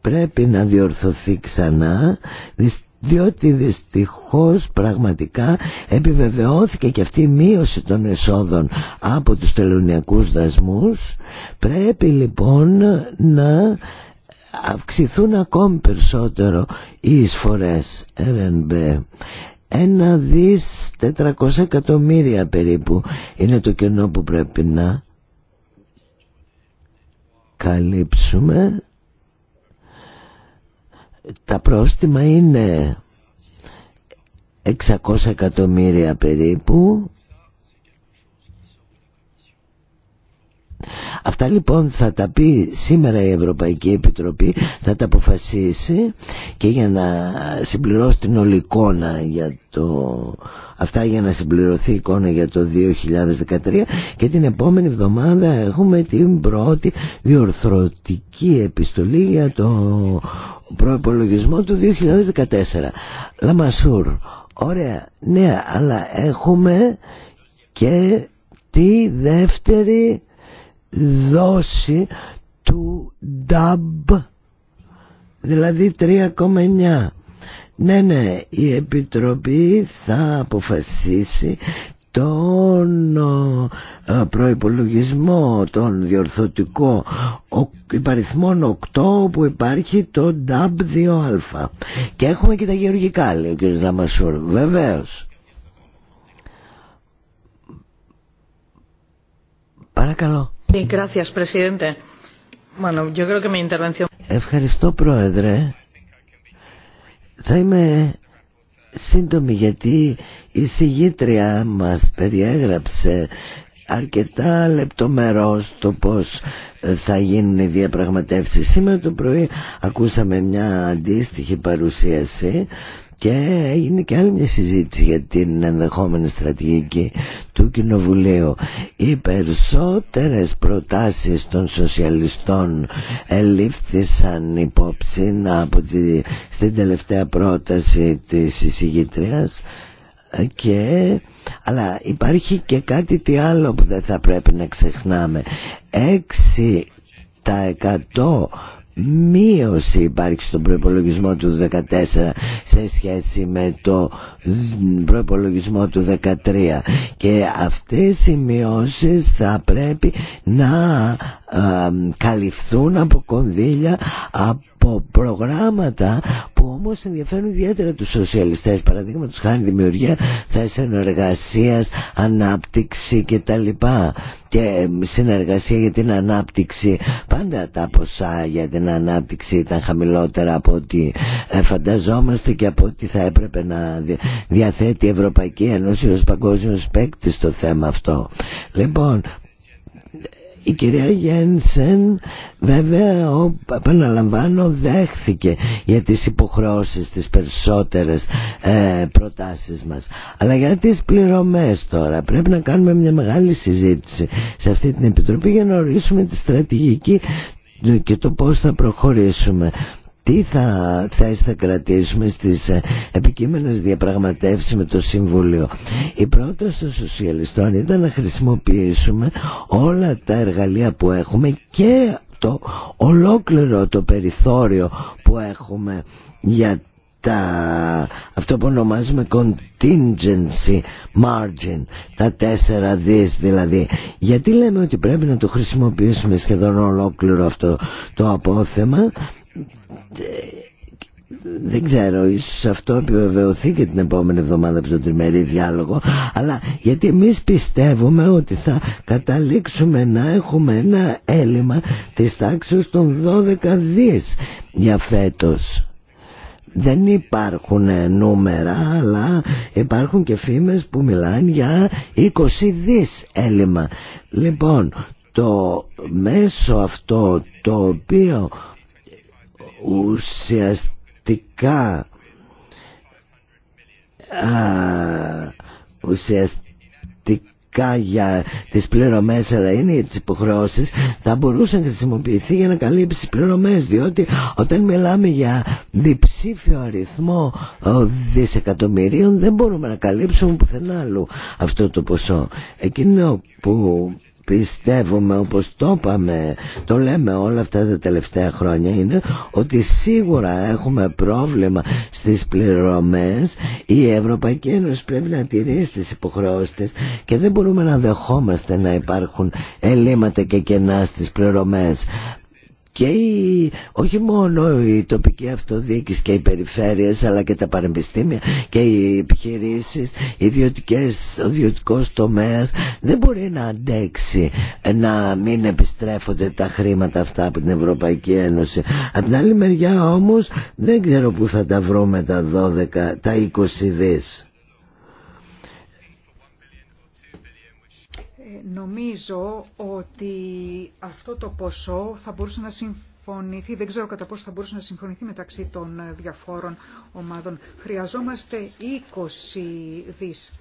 πρέπει να διορθωθεί ξανά διότι δυστυχώς πραγματικά επιβεβαιώθηκε και αυτή η μείωση των εσόδων από τους τελωνιακούς δασμούς πρέπει λοιπόν να αυξηθούν ακόμη περισσότερο οι εισφορές RNB ένα δις 400 εκατομμύρια περίπου είναι το κενό που πρέπει να καλύψουμε τα πρόστιμα είναι 600 εκατομμύρια περίπου Αυτά λοιπόν θα τα πει σήμερα η Ευρωπαϊκή Επιτροπή, θα τα αποφασίσει και για να συμπληρώσει την ολικόνα για το... Αυτά για να συμπληρωθεί η εικόνα για το 2013 και την επόμενη εβδομάδα έχουμε την πρώτη διορθωτική επιστολή για το προεπολογισμό του 2014. Λαμασούρ, ωραία, ναι, αλλά έχουμε και τη δεύτερη δόση του DAB δηλαδή 3,9 ναι ναι η Επιτροπή θα αποφασίσει τον προϋπολογισμό τον διορθωτικό υπαριθμών 8 που υπάρχει το DAB 2α και έχουμε και τα γεωργικά λέει ο κ. Λαμασούρ βεβαίως παρακαλώ Ευχαριστώ Πρόεδρε. Θα είμαι σύντομη γιατί η συγγήτρια μας περιέγραψε αρκετά λεπτομερώς το πώς θα γίνουν οι διαπραγματεύσεις. Σήμερα το πρωί ακούσαμε μια αντίστοιχη παρουσίαση και έγινε και άλλη μια συζήτηση για την ενδεχόμενη στρατηγική του Κοινοβουλίου. Οι περισσότερες προτάσεις των σοσιαλιστών ελήφθησαν υπόψη από τη, στην τελευταία πρόταση της εισηγητρίας και, αλλά υπάρχει και κάτι τι άλλο που δεν θα πρέπει να ξεχνάμε. 6% τα μείωση υπάρχει στον προπολογισμό του 2014 σε σχέση με το προϋπολογισμό του 2013 και αυτές οι μειώσεις θα πρέπει να καλυφθούν από κονδύλια από προγράμματα που όμως ενδιαφέρουν ιδιαίτερα τους σοσιαλιστές παραδείγματο χάνει δημιουργία θέσεων εργασίας, ανάπτυξη κτλ και συνεργασία για την ανάπτυξη πάντα τα ποσά για την ανάπτυξη ήταν χαμηλότερα από ό,τι ε, φανταζόμαστε και από ό,τι θα έπρεπε να διαθέτει η Ευρωπαϊκή Ένωση ως παγκόσμιος παίκτη στο θέμα αυτό λοιπόν η κυρία Γένσεν βέβαια ο, επαναλαμβάνω δέχθηκε για τις υποχρεώσεις τις περισσότερες ε, προτάσεις μας. Αλλά για τις πληρωμές τώρα πρέπει να κάνουμε μια μεγάλη συζήτηση σε αυτή την Επιτροπή για να ορίσουμε τη στρατηγική και το πώς θα προχωρήσουμε τι θα, θέση θα κρατήσουμε στις ε, επικείμενες διαπραγματεύσεις με το Συμβούλιο. Η πρόταση των σοσιαλιστών ήταν να χρησιμοποιήσουμε όλα τα εργαλεία που έχουμε και το ολόκληρο το περιθώριο που έχουμε για τα, αυτό που ονομάζουμε contingency margin, τα τέσσερα δις δηλαδή. Γιατί λέμε ότι πρέπει να το χρησιμοποιήσουμε σχεδόν ολόκληρο αυτό το απόθεμα δεν ξέρω, ίσως αυτό επιβεβαιωθεί και την επόμενη εβδομάδα από τον τριμερή διάλογο, αλλά γιατί εμείς πιστεύουμε ότι θα καταλήξουμε να έχουμε ένα έλλειμμα της τάξης των 12 δις για φέτος. Δεν υπάρχουν νούμερα, αλλά υπάρχουν και φήμες που μιλάνε για 20 δις έλλειμμα. Λοιπόν, το μέσο αυτό το οποίο ουσιαστικά α, ουσιαστικά για τις πληρωμές αλλά είναι για τις υποχρεώσεις θα μπορούσε να χρησιμοποιηθεί για να καλύψει τις πληρωμές διότι όταν μιλάμε για διψήφιο αριθμό δισεκατομμυρίων δεν μπορούμε να καλύψουμε πουθενά άλλου αυτό το ποσό εκείνο που πιστεύουμε όπως το είπαμε, το λέμε όλα αυτά τα τελευταία χρόνια είναι ότι σίγουρα έχουμε πρόβλημα στις πληρωμές η Ευρωπαϊκή Ένωση πρέπει να τηρήσει τις υποχρεώσεις και δεν μπορούμε να δεχόμαστε να υπάρχουν ελλείμματα και κενά στις πληρωμές και όχι μόνο η τοπική αυτοδιοίκηση και οι περιφέρειες αλλά και τα πανεπιστήμια και οι επιχειρήσεις, ιδιωτικές, ο ιδιωτικός τομέας δεν μπορεί να αντέξει να μην επιστρέφονται τα χρήματα αυτά από την Ευρωπαϊκή Ένωση. Από την άλλη μεριά όμως δεν ξέρω πού θα τα βρούμε τα 12, τα 20 δις. Νομίζω ότι αυτό το ποσό θα μπορούσε να συμφωνηθεί, δεν ξέρω κατά πόσο θα μπορούσε να συμφωνηθεί μεταξύ των διαφόρων ομάδων. Χρειαζόμαστε 20 δις.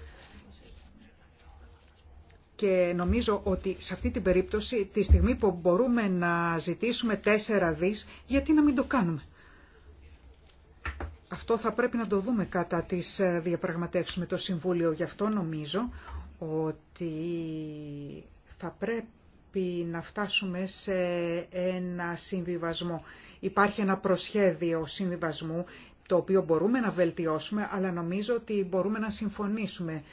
Και νομίζω ότι σε αυτή την περίπτωση, τη στιγμή που μπορούμε να ζητήσουμε 4 δις, γιατί να μην το κάνουμε. Αυτό θα πρέπει να το δούμε κατά τις διαπραγματεύσεις με το Συμβούλιο. Γι' αυτό νομίζω ότι θα πρέπει να φτάσουμε σε ένα συμβιβασμό. Υπάρχει ένα προσχέδιο συμβιβασμού το οποίο μπορούμε να βελτιώσουμε, αλλά νομίζω ότι μπορούμε να συμφωνήσουμε.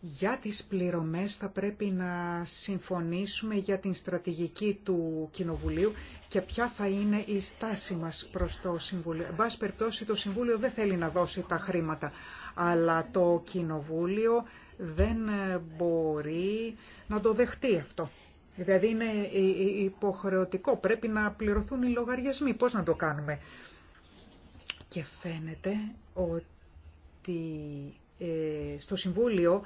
Για τις πληρωμές θα πρέπει να συμφωνήσουμε για την στρατηγική του Κοινοβουλίου και ποια θα είναι η στάση μας προς το Συμβούλιο. Εν πάση περιπτώσει το Συμβούλιο δεν θέλει να δώσει τα χρήματα, αλλά το Κοινοβούλιο δεν ε, μπορεί να το δεχτεί αυτό. Δηλαδή είναι ε, ε, υποχρεωτικό, πρέπει να πληρωθούν οι λογαριασμοί. Πώς να το κάνουμε. Και φαίνεται ότι στο Συμβούλιο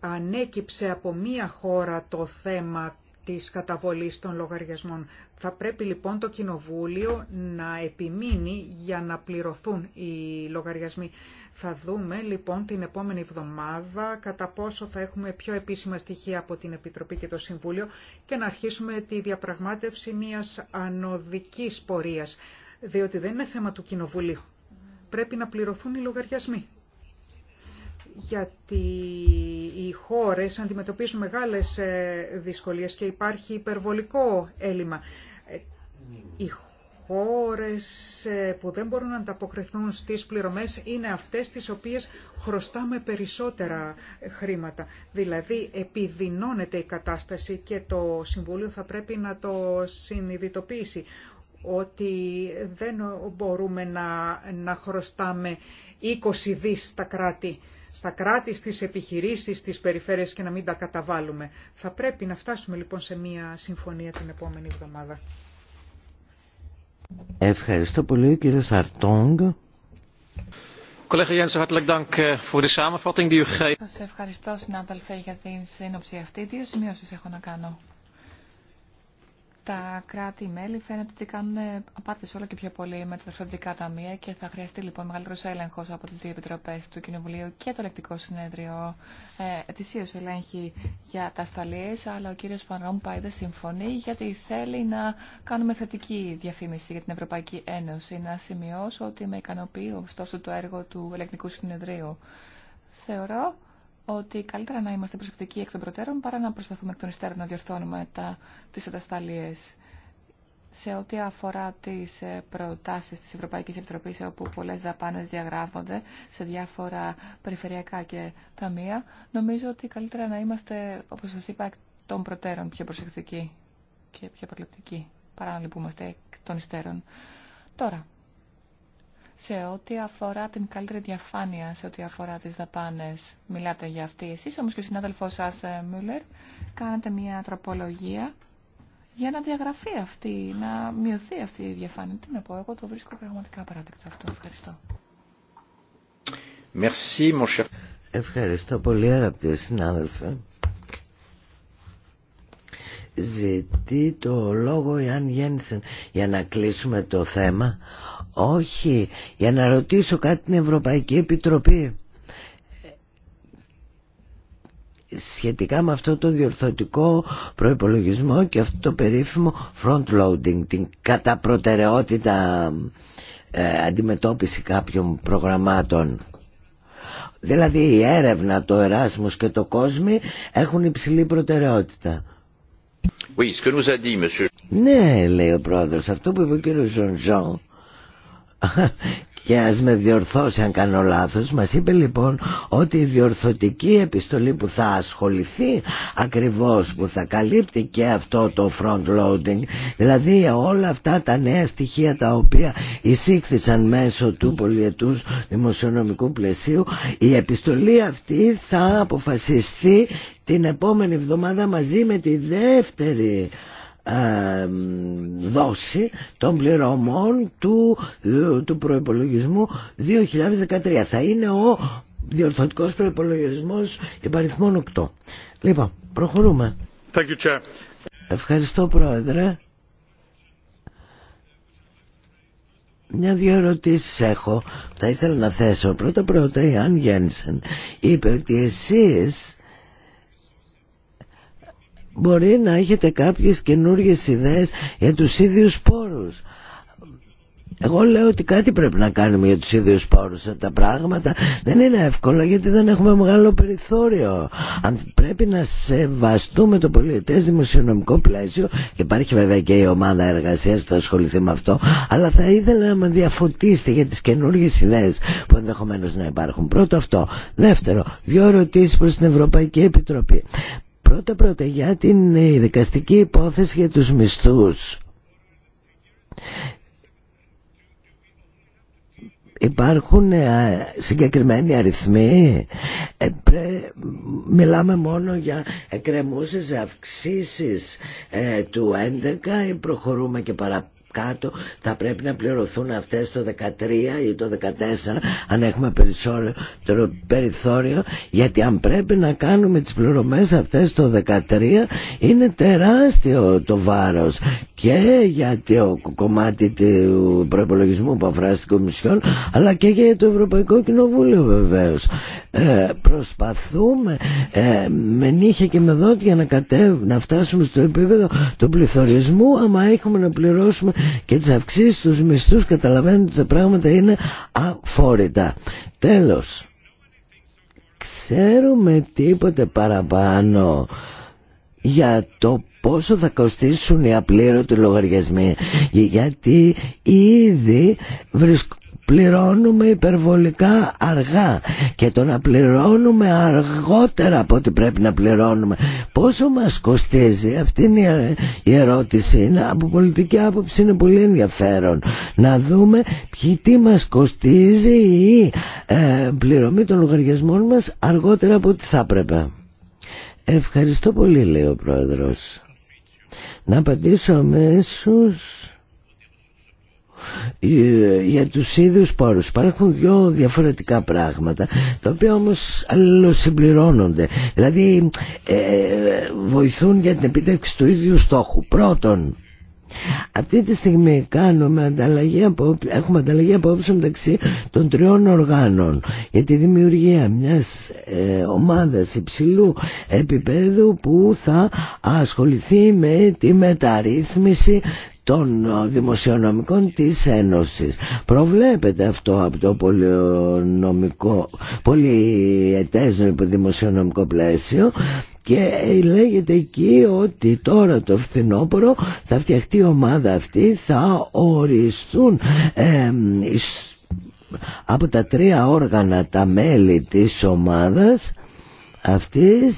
ανέκυψε από μία χώρα το θέμα της καταβολής των λογαριασμών. Θα πρέπει λοιπόν το Κοινοβούλιο να επιμείνει για να πληρωθούν οι λογαριασμοί. Θα δούμε λοιπόν την επόμενη εβδομάδα κατά πόσο θα έχουμε πιο επίσημα στοιχεία από την Επιτροπή και το Συμβούλιο και να αρχίσουμε τη διαπραγμάτευση μιας ανωδικής πορείας, διότι δεν είναι θέμα του Κοινοβουλίου. Πρέπει να πληρωθούν οι λογαριασμοί γιατί οι χώρες αντιμετωπίζουν μεγάλες ε, δυσκολίες και υπάρχει υπερβολικό έλλειμμα. Ε, χώρες ε, που δεν μπορούν να ανταποκριθούν στις πληρωμές είναι αυτές τις οποίες χρωστάμε περισσότερα χρήματα. Δηλαδή επιδεινώνεται η κατάσταση και το Συμβούλιο θα πρέπει να το συνειδητοποιήσει ότι δεν μπορούμε να, να χρωστάμε 20 δις στα κράτη στα κράτη, στις επιχειρήσεις, στις περιφέρειες και να μην τα καταβάλουμε. Θα πρέπει να φτάσουμε λοιπόν σε μια συμφωνία την επόμενη εβδομάδα. Ευχαριστώ πολύ κύριο Σαρτόγκ. Eh, Σας ευχαριστώ συνάδελφε για την σύνοψη αυτή. Δύο σημειώσεις έχω να κάνω τα κράτη-μέλη φαίνεται ότι κάνουν απάτες όλο και πιο πολύ με τα δραστηριοτικά ταμεία και θα χρειαστεί λοιπόν μεγαλύτερο έλεγχο από τι δύο επιτροπέ του Κοινοβουλίου και το Ελεκτικό Συνέδριο ε, Ετησίω ελέγχει για τα σταλίε, αλλά ο κύριο Φαν δεν συμφωνεί γιατί θέλει να κάνουμε θετική διαφήμιση για την Ευρωπαϊκή Ένωση. Να σημειώσω ότι με ικανοποιεί ωστόσο το έργο του Ελεκτικού Συνεδρίου. Θεωρώ ότι καλύτερα να είμαστε προσεκτικοί εκ των προτέρων παρά να προσπαθούμε εκ των υστέρων να διορθώνουμε τα, τις αντασταλίες. σε ό,τι αφορά τις ε, προτάσεις της Ευρωπαϊκής Επιτροπής όπου πολλές δαπάνες διαγράφονται σε διάφορα περιφερειακά και ταμεία νομίζω ότι καλύτερα να είμαστε όπως σας είπα εκ των προτέρων πιο προσεκτικοί και πιο προληπτικοί παρά να λυπούμαστε εκ των υστέρων. Τώρα, σε ό,τι αφορά την καλύτερη διαφάνεια, σε ό,τι αφορά τις δαπάνες. Μιλάτε για αυτή εσείς, όμως και ο συνάδελφός σας, ε, Μούλερ, κάνετε μια τροπολογία για να διαγραφεί αυτή, να μειωθεί αυτή η διαφάνεια. Τι να πω, εγώ το βρίσκω πραγματικά παράδειγμα αυτό. Ευχαριστώ. Merci, mon cher. Ευχαριστώ πολύ αγαπητέ συνάδελφε. Ζητεί το λόγο Ιάν Γέννησεν για να κλείσουμε το θέμα. Όχι, για να ρωτήσω κάτι την Ευρωπαϊκή Επιτροπή σχετικά με αυτό το διορθωτικό προϋπολογισμό και αυτό το περίφημο front loading, την κατά ε, αντιμετώπιση κάποιων προγραμμάτων. Δηλαδή η έρευνα, το Εράσμος και το Κόσμι έχουν υψηλή προτεραιότητα. Oui, ce que nous a dit, monsieur. Ναι, λέει ο πρόεδρος, αυτό που είπε ο κύριος Ζωνζόν και ας με διορθώσει αν κάνω λάθος μας είπε λοιπόν ότι η διορθωτική επιστολή που θα ασχοληθεί ακριβώς που θα καλύπτει και αυτό το front loading δηλαδή όλα αυτά τα νέα στοιχεία τα οποία εισήχθησαν μέσω του πολιετούς δημοσιονομικού πλαισίου η επιστολή αυτή θα αποφασιστεί την επόμενη εβδομάδα μαζί με τη δεύτερη δόση των πληρωμών του, ε, του προϋπολογισμού 2013. Θα είναι ο διορθωτικός προϋπολογισμός υπαριθμών 8. Λοιπόν, προχωρούμε. Thank you, Chair. Ευχαριστώ Πρόεδρε. Μια-δυο ερωτήσει έχω. Θα ήθελα να θέσω. Πρώτα-πρώτα η Αν Γέννησεν είπε ότι εσείς Μπορεί να έχετε κάποιες καινούργιες ιδέες για τους ίδιους πόρους. Εγώ λέω ότι κάτι πρέπει να κάνουμε για τους ίδιους πόρους. Τα πράγματα δεν είναι εύκολα γιατί δεν έχουμε μεγάλο περιθώριο. Αν πρέπει να σεβαστούμε το πολιτές δημοσιονομικό πλαίσιο και υπάρχει βέβαια και η ομάδα εργασίας που θα ασχοληθεί με αυτό αλλά θα ήθελα να με διαφωτίσετε για τις καινούργιες ιδέες που ενδεχομένως να υπάρχουν. Πρώτο αυτό. Δεύτερο, δύο ερωτήσεις προς την Ευρωπαϊκή Επιτροπή. Πρώτα πρώτα για την ε, δικαστική υπόθεση για τους μισθούς. Υπάρχουν ε, συγκεκριμένοι αριθμοί, ε, μιλάμε μόνο για εκκρεμούσες αυξήσεις του 11 ή προχωρούμε και παραπάνω κάτω θα πρέπει να πληρωθούν αυτές το 13 ή το 14 αν έχουμε περισσότερο περιθώριο γιατί αν πρέπει να κάνουμε τις πληρωμές αυτές το 13 είναι τεράστιο το βάρος και για το κομμάτι του προπολογισμού που αφορά στην Κομισιόν αλλά και για το Ευρωπαϊκό Κοινοβούλιο βεβαίως ε, προσπαθούμε ε, με νύχια και με δόντια να, κατέβ, να φτάσουμε στο επίπεδο του πληθωρισμού άμα έχουμε να πληρώσουμε και τις αυξήσεις στους μισθούς καταλαβαίνετε ότι τα πράγματα είναι αφόρητα. Τέλος, ξέρουμε τίποτε παραπάνω για το πόσο θα κοστίσουν οι απλήρωτοι λογαριασμοί γιατί ήδη βρισκόμαστε πληρώνουμε υπερβολικά αργά και το να πληρώνουμε αργότερα από ό,τι πρέπει να πληρώνουμε πόσο μας κοστίζει αυτή είναι η ερώτηση είναι, από πολιτική άποψη είναι πολύ ενδιαφέρον να δούμε ποιοι τι μας κοστίζει η ε, πληρωμή των λογαριασμών μας αργότερα από ό,τι θα έπρεπε ευχαριστώ πολύ λέει ο πρόεδρος να απαντήσω αμέσως ε, για τους ίδιους πόρους υπάρχουν δύο διαφορετικά πράγματα τα οποία όμως αλληλοσυμπληρώνονται δηλαδή ε, βοηθούν για την επίτευξη του ίδιου στόχου πρώτον αυτή τη στιγμή κάνουμε ανταλλαγή από, έχουμε ανταλλαγή απόψε μεταξύ των τριών οργάνων για τη δημιουργία μιας ε, ομάδας υψηλού επίπεδου που θα ασχοληθεί με τη μεταρρύθμιση των ε, δημοσιονομικών της Ένωσης. Προβλέπεται αυτό από το πολυονομικό, πολυετές δημοσιονομικό πλαίσιο και λέγεται εκεί ότι τώρα το φθινόπωρο θα φτιαχτεί η ομάδα αυτή, θα οριστούν από τα τρία όργανα τα μέλη της ομάδας αυτής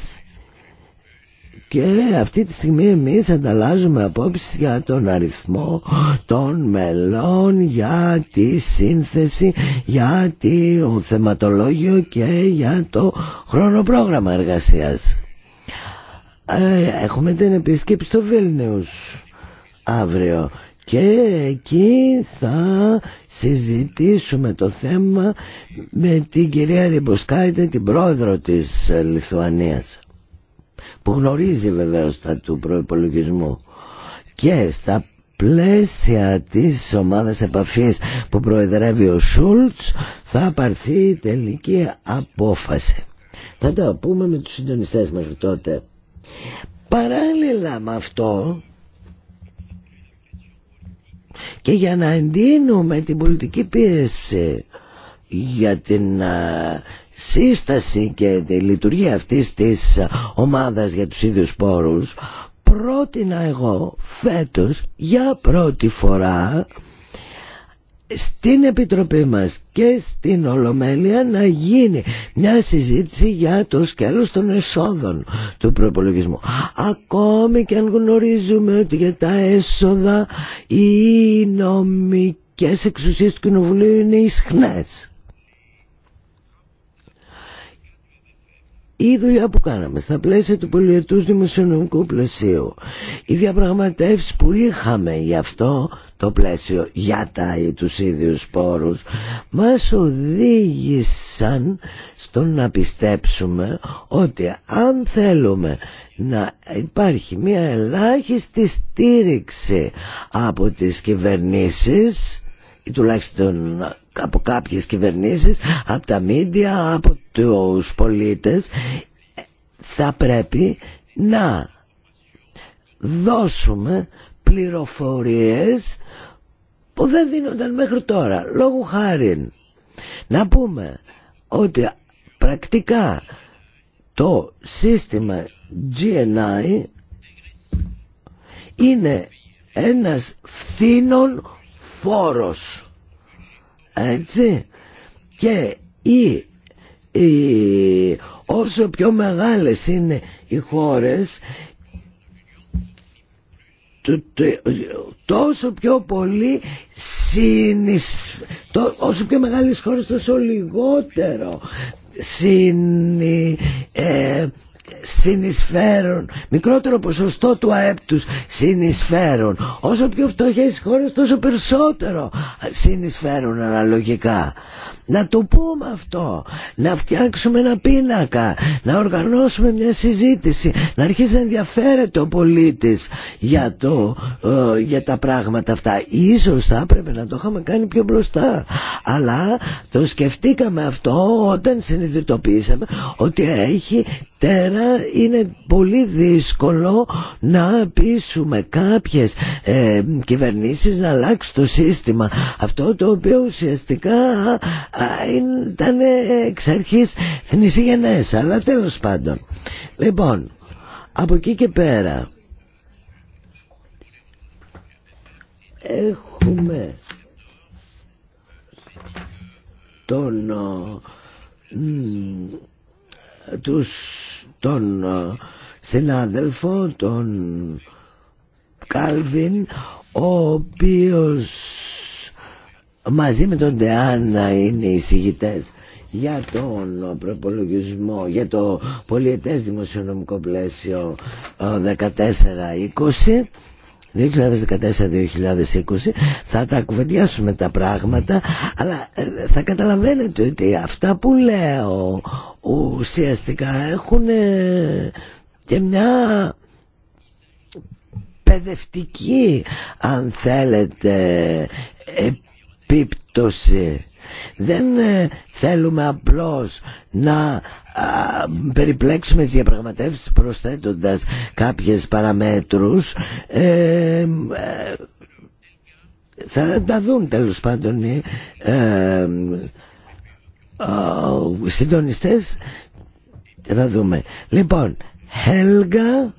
και αυτή τη στιγμή εμείς ανταλλάζουμε απόψεις για τον αριθμό των μελών, για τη σύνθεση, για το θεματολόγιο και για το χρονοπρόγραμμα εργασίας. Ε, έχουμε την επίσκεψη στο Βίλνιους αύριο και εκεί θα συζητήσουμε το θέμα με την κυρία Ριμποσκάιτε, την πρόεδρο της Λιθουανίας που γνωρίζει βεβαίω τα του προπολογισμού. και στα πλαίσια της ομάδας επαφής που προεδρεύει ο Σούλτς θα πάρθει η τελική απόφαση. Θα τα πούμε με τους συντονιστές μέχρι τότε. Παράλληλα με αυτό και για να εντείνουμε την πολιτική πίεση για την σύσταση και τη λειτουργία αυτής της ομάδας για τους ίδιους πόρους πρότεινα εγώ φέτος για πρώτη φορά στην Επιτροπή μας και στην Ολομέλεια να γίνει μια συζήτηση για το σκέλος των εσόδων του προπολογισμού. Ακόμη και αν γνωρίζουμε ότι για τα έσοδα οι νομικές εξουσίες του Κοινοβουλίου είναι ισχνές. η δουλειά που κάναμε στα πλαίσια του πολιετούς δημοσιονομικού πλαισίου οι διαπραγματεύσεις που είχαμε γι' αυτό το πλαίσιο για τα ή τους ίδιους πόρους μας οδήγησαν στο να πιστέψουμε ότι αν θέλουμε να υπάρχει μια ελάχιστη στήριξη από τις κυβερνήσεις ή τουλάχιστον από κάποιες κυβερνήσεις, από τα μίντια, από τους πολίτες θα πρέπει να δώσουμε πληροφορίες που δεν δίνονταν μέχρι τώρα λόγω χάρη. να πούμε ότι πρακτικά το σύστημα GNI είναι ένας φθήνων φόρος έτσι και η, όσο πιο μεγάλες είναι οι χώρες τόσο πιο πολύ συνεισ... όσο πιο μεγάλες χώρες τόσο λιγότερο συν, ε, συνεισφέρουν, μικρότερο ποσοστό του ΑΕΠ τους συνεισφέρουν. Όσο πιο φτωχές χώρες τόσο περισσότερο συνεισφέρουν αναλογικά να το πούμε αυτό, να φτιάξουμε ένα πίνακα, να οργανώσουμε μια συζήτηση, να αρχίσει να ενδιαφέρεται ο πολίτης για, το, ε, για τα πράγματα αυτά. Ίσως θα έπρεπε να το είχαμε κάνει πιο μπροστά, αλλά το σκεφτήκαμε αυτό όταν συνειδητοποίησαμε ότι έχει τέρα είναι πολύ δύσκολο να πείσουμε κάποιες ε, κυβερνήσεις να αλλάξουν το σύστημα αυτό το οποίο ουσιαστικά ήταν ε, εξ αρχής θνησιγενές αλλά τέλος πάντων λοιπόν από εκεί και πέρα έχουμε τον τους τον συνάδελφο τον Κάλβιν ο οποίος μαζί με τον Τεάννα είναι οι συγητές για τον προπολογισμό, για το πολιετές δημοσιονομικό πλαίσιο 14-20 ε, 2014-2020 θα τα κουβεντιάσουμε τα πράγματα αλλά ε, θα καταλαβαίνετε ότι αυτά που λέω ουσιαστικά έχουν ε, και μια παιδευτική αν θέλετε δεν ε, θέλουμε απλώς να περιπλέξουμε τις διαπραγματεύσεις προσθέτοντας κάποιες παραμέτρους. Ε, ε, θα τα δουν τέλος πάντων οι ε, συντονιστές. Θα δούμε. Λοιπόν, Χέλγα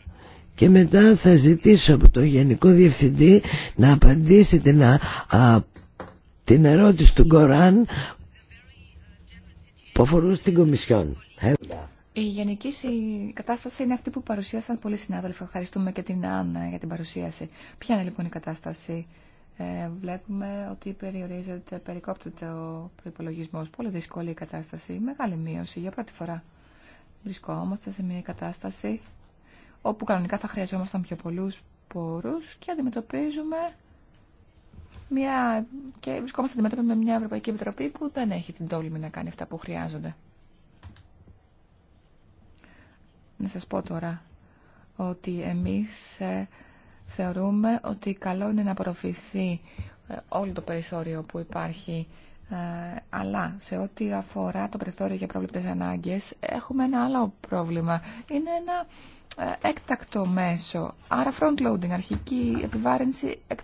και μετά θα ζητήσω από το Γενικό Διευθυντή να απαντήσει την την ερώτηση του Κοράν που αφορούσε την Κομισιόν. Η γενική κατάσταση είναι αυτή που παρουσίασαν πολλοί συνάδελφοι. Ευχαριστούμε και την Άννα για την παρουσίαση. Ποια είναι λοιπόν η κατάσταση. Ε, βλέπουμε ότι περιορίζεται, περικόπτεται ο προπολογισμό. Πολύ δύσκολη η κατάσταση. Μεγάλη μείωση για πρώτη φορά. Βρισκόμαστε σε μια κατάσταση όπου κανονικά θα χρειαζόμασταν πιο πολλού πορού και αντιμετωπίζουμε μια... και βρισκόμαστε αντιμέτωποι με μια Ευρωπαϊκή Επιτροπή που δεν έχει την τόλμη να κάνει αυτά που χρειάζονται. Να σας πω τώρα ότι εμείς ε, θεωρούμε ότι καλό είναι να απορροφηθεί ε, όλο το περιθώριο που υπάρχει ε, αλλά σε ό,τι αφορά το περιθώριο για προβλεπτές ανάγκες έχουμε ένα άλλο πρόβλημα. Είναι ένα ε, έκτακτο μέσο, άρα front-loading, αρχική επιβάρυνση εκ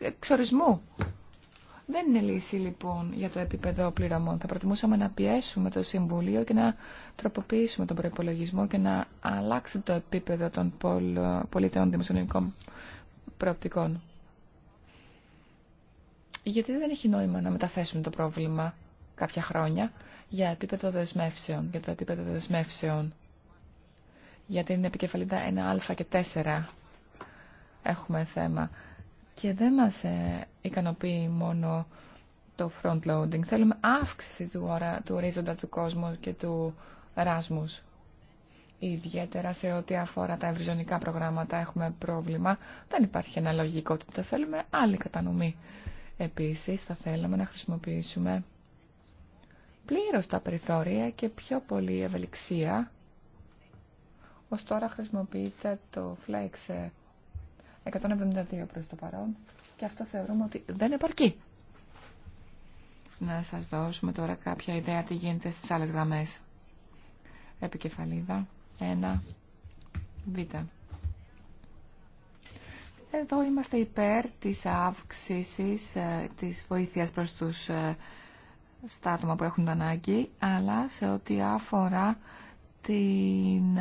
εξορισμού. Δεν είναι λύση λοιπόν για το επίπεδο πληρωμών. Θα προτιμούσαμε να πιέσουμε το Συμβουλίο και να τροποποιήσουμε τον προπολογισμό και να αλλάξει το επίπεδο των πολιτεών δημοσιονομικών προοπτικών. Γιατί δεν έχει νόημα να μεταθέσουμε το πρόβλημα κάποια χρόνια για επίπεδο δεσμεύσεων, για το επίπεδο δεσμεύσεων για την επικεφαλίδα 1α και 4 έχουμε θέμα. Και δεν μας ε, ικανοποιεί μόνο το front loading. Θέλουμε αύξηση του, του ορίζοντα του κόσμου και του ράσμους. Ιδιαίτερα σε ό,τι αφορά τα ευρυζωνικά προγράμματα έχουμε πρόβλημα. Δεν υπάρχει αναλογικότητα. Θέλουμε άλλη κατανομή. Επίσης θα θέλαμε να χρησιμοποιήσουμε πλήρως τα περιθώρια και πιο πολύ ευελιξία ως τώρα χρησιμοποιείται το Flex 172 προς το παρόν και αυτό θεωρούμε ότι δεν επαρκεί. Να σας δώσουμε τώρα κάποια ιδέα τι γίνεται στις άλλες γραμμές. Επικεφαλίδα 1 Β. Εδώ είμαστε υπέρ της αύξησης ε, της βοήθειας προς τους ε, στα άτομα που έχουν ανάγκη, αλλά σε ό,τι αφορά την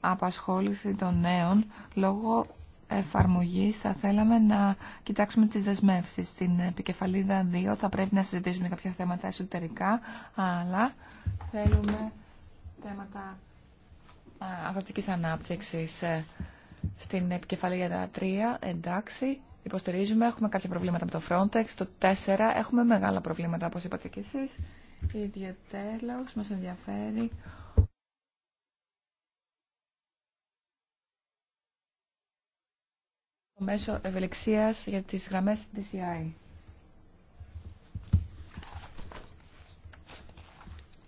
απασχόληση των νέων λόγω εφαρμογής θα θέλαμε να κοιτάξουμε τις δεσμεύσεις. Στην επικεφαλίδα 2 θα πρέπει να συζητήσουμε κάποια θέματα εσωτερικά, αλλά θέλουμε θέματα αγροτικής ανάπτυξης. Ε, στην επικεφαλίδα 3, εντάξει, υποστηρίζουμε, έχουμε κάποια προβλήματα με το Frontex. Το 4 έχουμε μεγάλα προβλήματα, όπως είπατε και εσείς. Ιδιαιτέλος, μας ενδιαφέρει Το μέσο ευελιξίας για τις γραμμές DCI.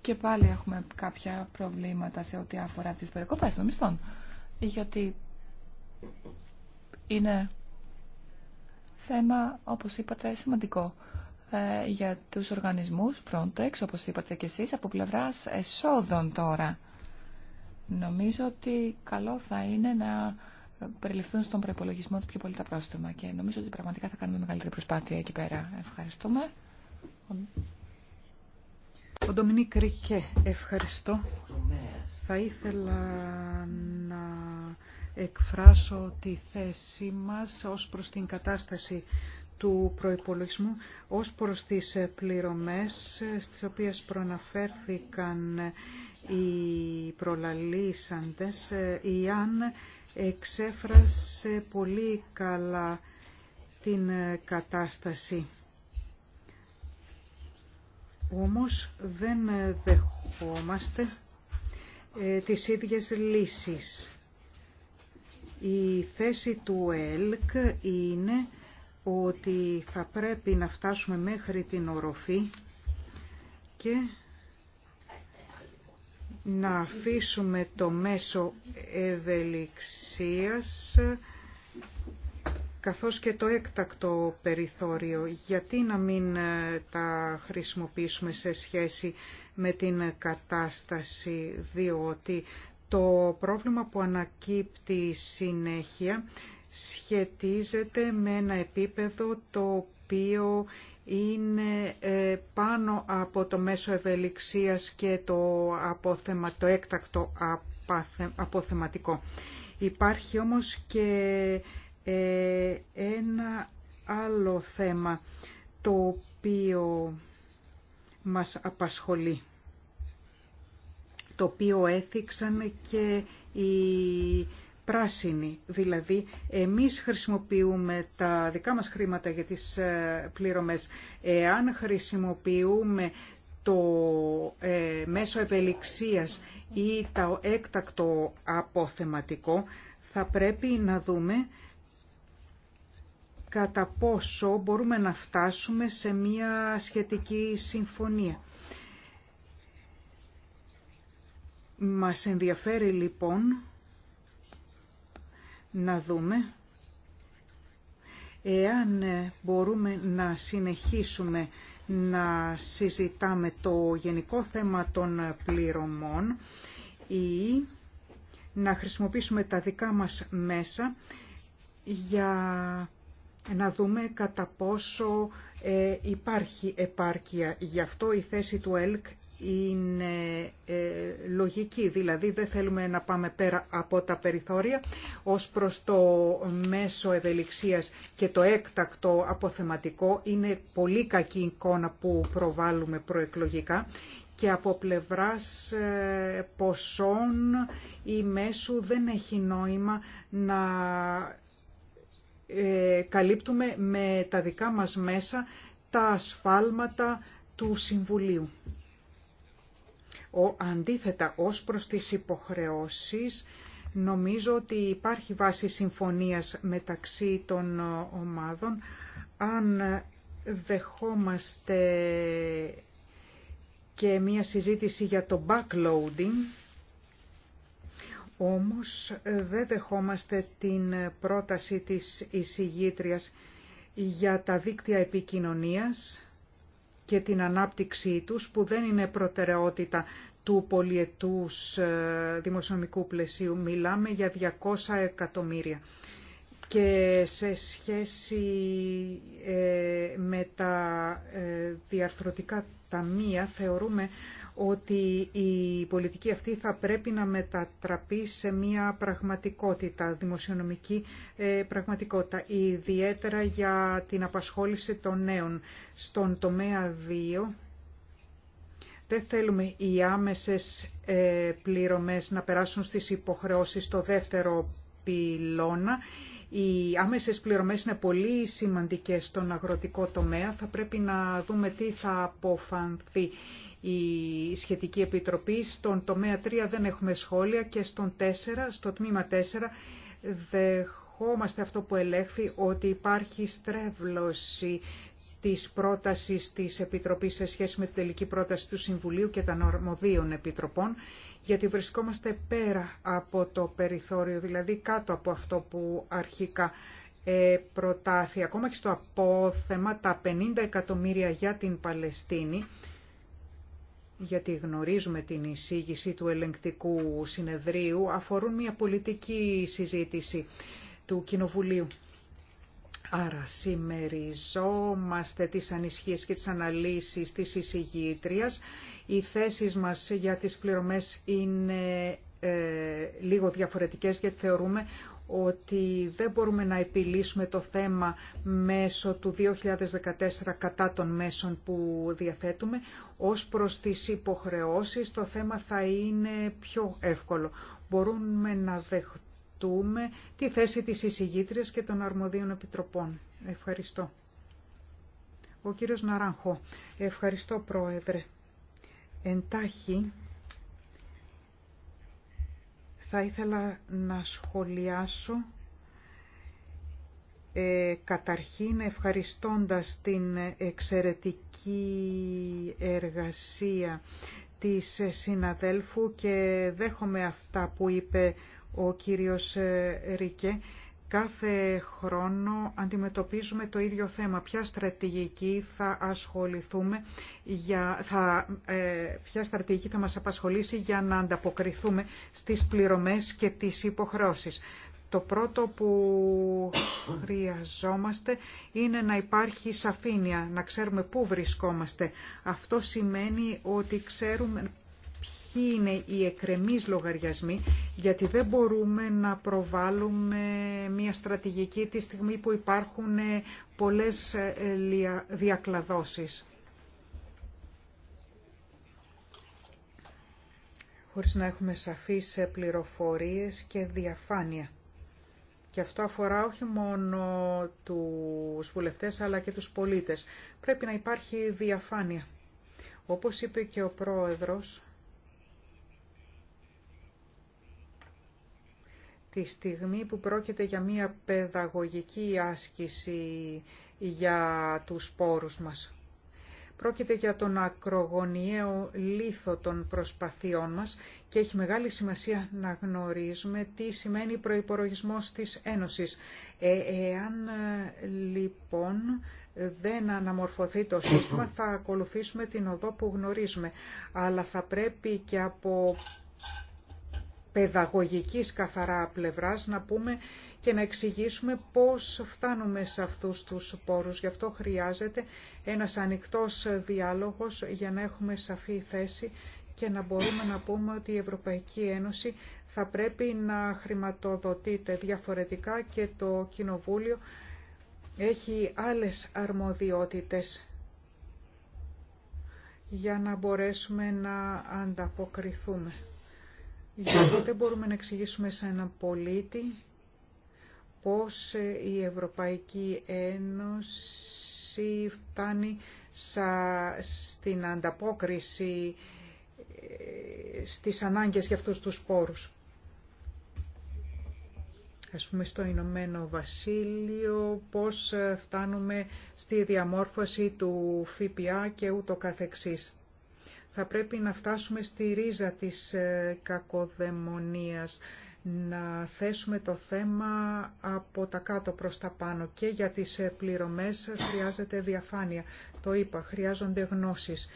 Και πάλι έχουμε κάποια προβλήματα σε ό,τι αφορά τις περικοπές των μισθών. Γιατί είναι θέμα, όπως είπατε, σημαντικό ε, για τους οργανισμούς Frontex, όπως είπατε και εσείς, από πλευράς εσόδων τώρα. Νομίζω ότι καλό θα είναι να περιληφθούν στον προπολογισμό του πιο πολύ τα πρόστιμα και νομίζω ότι πραγματικά θα κάνουμε μεγαλύτερη προσπάθεια εκεί πέρα. Ευχαριστούμε. Ο Ντομινίκ Ρικέ, ευχαριστώ. Θα ήθελα να εκφράσω τη θέση μας ως προς την κατάσταση του προϋπολογισμού, ως προς τις πληρωμές στις οποίες προναφέρθηκαν οι προλαλήσαντες, ή εξέφρασε πολύ καλά την ε, κατάσταση. Όμως δεν ε, δεχόμαστε ε, τις ίδιες λύσεις. Η θέση του ΕΛΚ είναι ότι θα πρέπει να φτάσουμε μέχρι την οροφή και να αφήσουμε το μέσο ευελιξίας καθώς και το έκτακτο περιθώριο. Γιατί να μην ε, τα χρησιμοποιήσουμε σε σχέση με την κατάσταση, διότι το πρόβλημα που ανακύπτει συνέχεια σχετίζεται με ένα επίπεδο το οποίο είναι ε, πάνω από το μέσο ευελιξίας και το, αποθεμα, το έκτακτο αποθεματικό. Υπάρχει όμως και ε, ένα άλλο θέμα το οποίο μας απασχολεί το οποίο έθιξαν και οι πράσινη. Δηλαδή, εμείς χρησιμοποιούμε τα δικά μας χρήματα για τις ε, πληρωμές. Εάν χρησιμοποιούμε το ε, μέσο ευελιξίας ή το έκτακτο αποθεματικό, θα πρέπει να δούμε κατά πόσο μπορούμε να φτάσουμε σε μια σχετική συμφωνία. Μας ενδιαφέρει λοιπόν να δούμε εάν ε, μπορούμε να συνεχίσουμε να συζητάμε το γενικό θέμα των πληρωμών ή να χρησιμοποιήσουμε τα δικά μας μέσα για να δούμε κατά πόσο ε, υπάρχει επάρκεια. Γι' αυτό η θέση του ΕΛΚ είναι ε, λογική, δηλαδή δεν θέλουμε να πάμε πέρα από τα περιθώρια ως προς το μέσο ευελιξίας και το έκτακτο αποθεματικό είναι πολύ κακή εικόνα που προβάλλουμε προεκλογικά και από πλευράς ε, ποσών ή μέσου δεν έχει νόημα να ε, καλύπτουμε με τα δικά μας μέσα τα ασφάλματα του Συμβουλίου. Ο, αντίθετα, ως προς τις υποχρεώσεις, νομίζω ότι υπάρχει βάση συμφωνίας μεταξύ των ομάδων. Αν δεχόμαστε και μία συζήτηση για το backloading, όμως δεν δεχόμαστε την πρόταση της εισηγήτριας για τα δίκτυα επικοινωνίας και την ανάπτυξή τους που δεν είναι προτεραιότητα του πολιετούς ε, δημοσιονομικού πλαισίου. Μιλάμε για 200 εκατομμύρια. Και σε σχέση ε, με τα ε, διαρθρωτικά ταμεία θεωρούμε ότι η πολιτική αυτή θα πρέπει να μετατραπεί σε μια πραγματικότητα, δημοσιονομική ε, πραγματικότητα, ιδιαίτερα για την απασχόληση των νέων. Στον τομέα 2 δεν θέλουμε οι άμεσες ε, πληρωμές να περάσουν στις υποχρεώσεις στο δεύτερο πυλώνα. Οι άμεσες πληρωμές είναι πολύ σημαντικές στον αγροτικό τομέα. Θα πρέπει να δούμε τι θα αποφανθεί η σχετική επιτροπή. Στον τομέα 3 δεν έχουμε σχόλια και στον 4, στο τμήμα 4 δεχόμαστε αυτό που ελέγχθη ότι υπάρχει στρέβλωση της πρότασης της Επιτροπής σε σχέση με την τελική πρόταση του Συμβουλίου και των ορμοδίων Επιτροπών, γιατί βρισκόμαστε πέρα από το περιθώριο, δηλαδή κάτω από αυτό που αρχικά ε, προτάθη. Ακόμα και στο απόθεμα τα 50 εκατομμύρια για την Παλαιστίνη, γιατί γνωρίζουμε την εισήγηση του ελεγκτικού συνεδρίου, αφορούν μια πολιτική συζήτηση του Κοινοβουλίου. Άρα σημεριζόμαστε τις ανισχύες και τις αναλύσεις της εισηγήτριας. Οι θέσεις μας για τις πληρωμές είναι ε, λίγο διαφορετικές γιατί θεωρούμε ότι δεν μπορούμε να επιλύσουμε το θέμα μέσω του 2014 κατά των μέσων που διαθέτουμε. Ως προς τις υποχρεώσεις το θέμα θα είναι πιο εύκολο. Μπορούμε να δεχτούμε τη θέση της εισηγήτριας και των αρμοδίων επιτροπών. Ευχαριστώ. Ο κύριος Ναράγχο. Ευχαριστώ πρόεδρε. Εντάχει θα ήθελα να σχολιάσω ε, καταρχήν ευχαριστώντας την εξαιρετική εργασία της συναδέλφου και δέχομαι αυτά που είπε ο κύριος Ρίκε Κάθε χρόνο αντιμετωπίζουμε το ίδιο θέμα. Ποια στρατηγική θα ασχοληθούμε, για, θα, ε, ποια στρατηγική θα μας απασχολήσει για να ανταποκριθούμε στις πληρωμές και τις υποχρεώσεις. Το πρώτο που χρειαζόμαστε είναι να υπάρχει σαφήνεια, να ξέρουμε πού βρισκόμαστε. Αυτό σημαίνει ότι ξέρουμε ποιοι είναι οι εκρεμείς λογαριασμοί, γιατί δεν μπορούμε να προβάλλουμε μια στρατηγική τη στιγμή που υπάρχουν ε, πολλές ε, διακλαδώσεις. χωρίς να έχουμε σαφείς ε, πληροφορίες και διαφάνεια. Και αυτό αφορά όχι μόνο τους βουλευτές αλλά και τους πολίτες. Πρέπει να υπάρχει διαφάνεια. Όπως είπε και ο πρόεδρος, Τη στιγμή που πρόκειται για μία παιδαγωγική άσκηση για τους πόρους μας. Πρόκειται για τον ακρογωνιαίο λίθο των προσπαθειών μας και έχει μεγάλη σημασία να γνωρίζουμε τι σημαίνει προϋπορογισμός της Ένωσης. Ε, εάν λοιπόν δεν αναμορφωθεί το σύστημα θα ακολουθήσουμε την οδό που γνωρίζουμε, αλλά θα πρέπει και από παιδαγωγικής καθαρά πλευράς να πούμε και να εξηγήσουμε πώς φτάνουμε σε αυτούς τους πόρους. Γι' αυτό χρειάζεται ένας ανοιχτός διάλογος για να έχουμε σαφή θέση και να μπορούμε να πούμε ότι η Ευρωπαϊκή Ένωση θα πρέπει να χρηματοδοτείται διαφορετικά και το Κοινοβούλιο έχει άλλες αρμοδιότητες για να μπορέσουμε να ανταποκριθούμε. Γιατί δεν μπορούμε να εξηγήσουμε σε έναν πολίτη πώς ε, η Ευρωπαϊκή Ένωση φτάνει στην ανταπόκριση ε, στις ανάγκες για αυτούς τους πόρους. Ας πούμε στο Ηνωμένο Βασίλειο πώς ε, φτάνουμε στη διαμόρφωση του ΦΠΑ και ούτω καθεξής. Θα πρέπει να φτάσουμε στη ρίζα της ε, κακοδαιμονίας, να θέσουμε το θέμα από τα κάτω προς τα πάνω και για τις ε, πληρωμές χρειάζεται διαφάνεια. Το είπα, χρειάζονται γνώσεις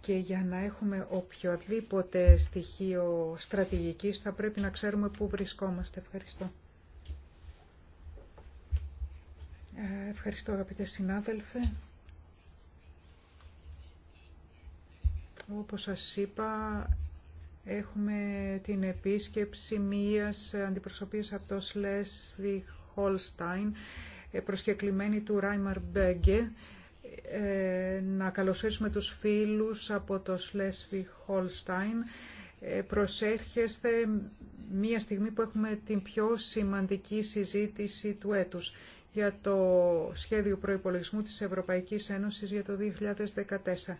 και για να έχουμε οποιοδήποτε στοιχείο στρατηγικής θα πρέπει να ξέρουμε πού βρισκόμαστε. Ευχαριστώ. Ε, ευχαριστώ αγαπητέ συνάδελφε. Όπως σας είπα, έχουμε την επίσκεψη μίας αντιπροσωπής από το Σλέσβι Χολστάιν, ε, προσκεκλημένη του Ράιμαρ Μπέγκε, ε, να καλωσορίσουμε τους φίλους από το Σλέσβι Χολστάιν. Ε, προσέρχεστε μία στιγμή που έχουμε την πιο σημαντική συζήτηση του έτους για το σχέδιο προϋπολογισμού της Ευρωπαϊκής Ένωσης για το 2014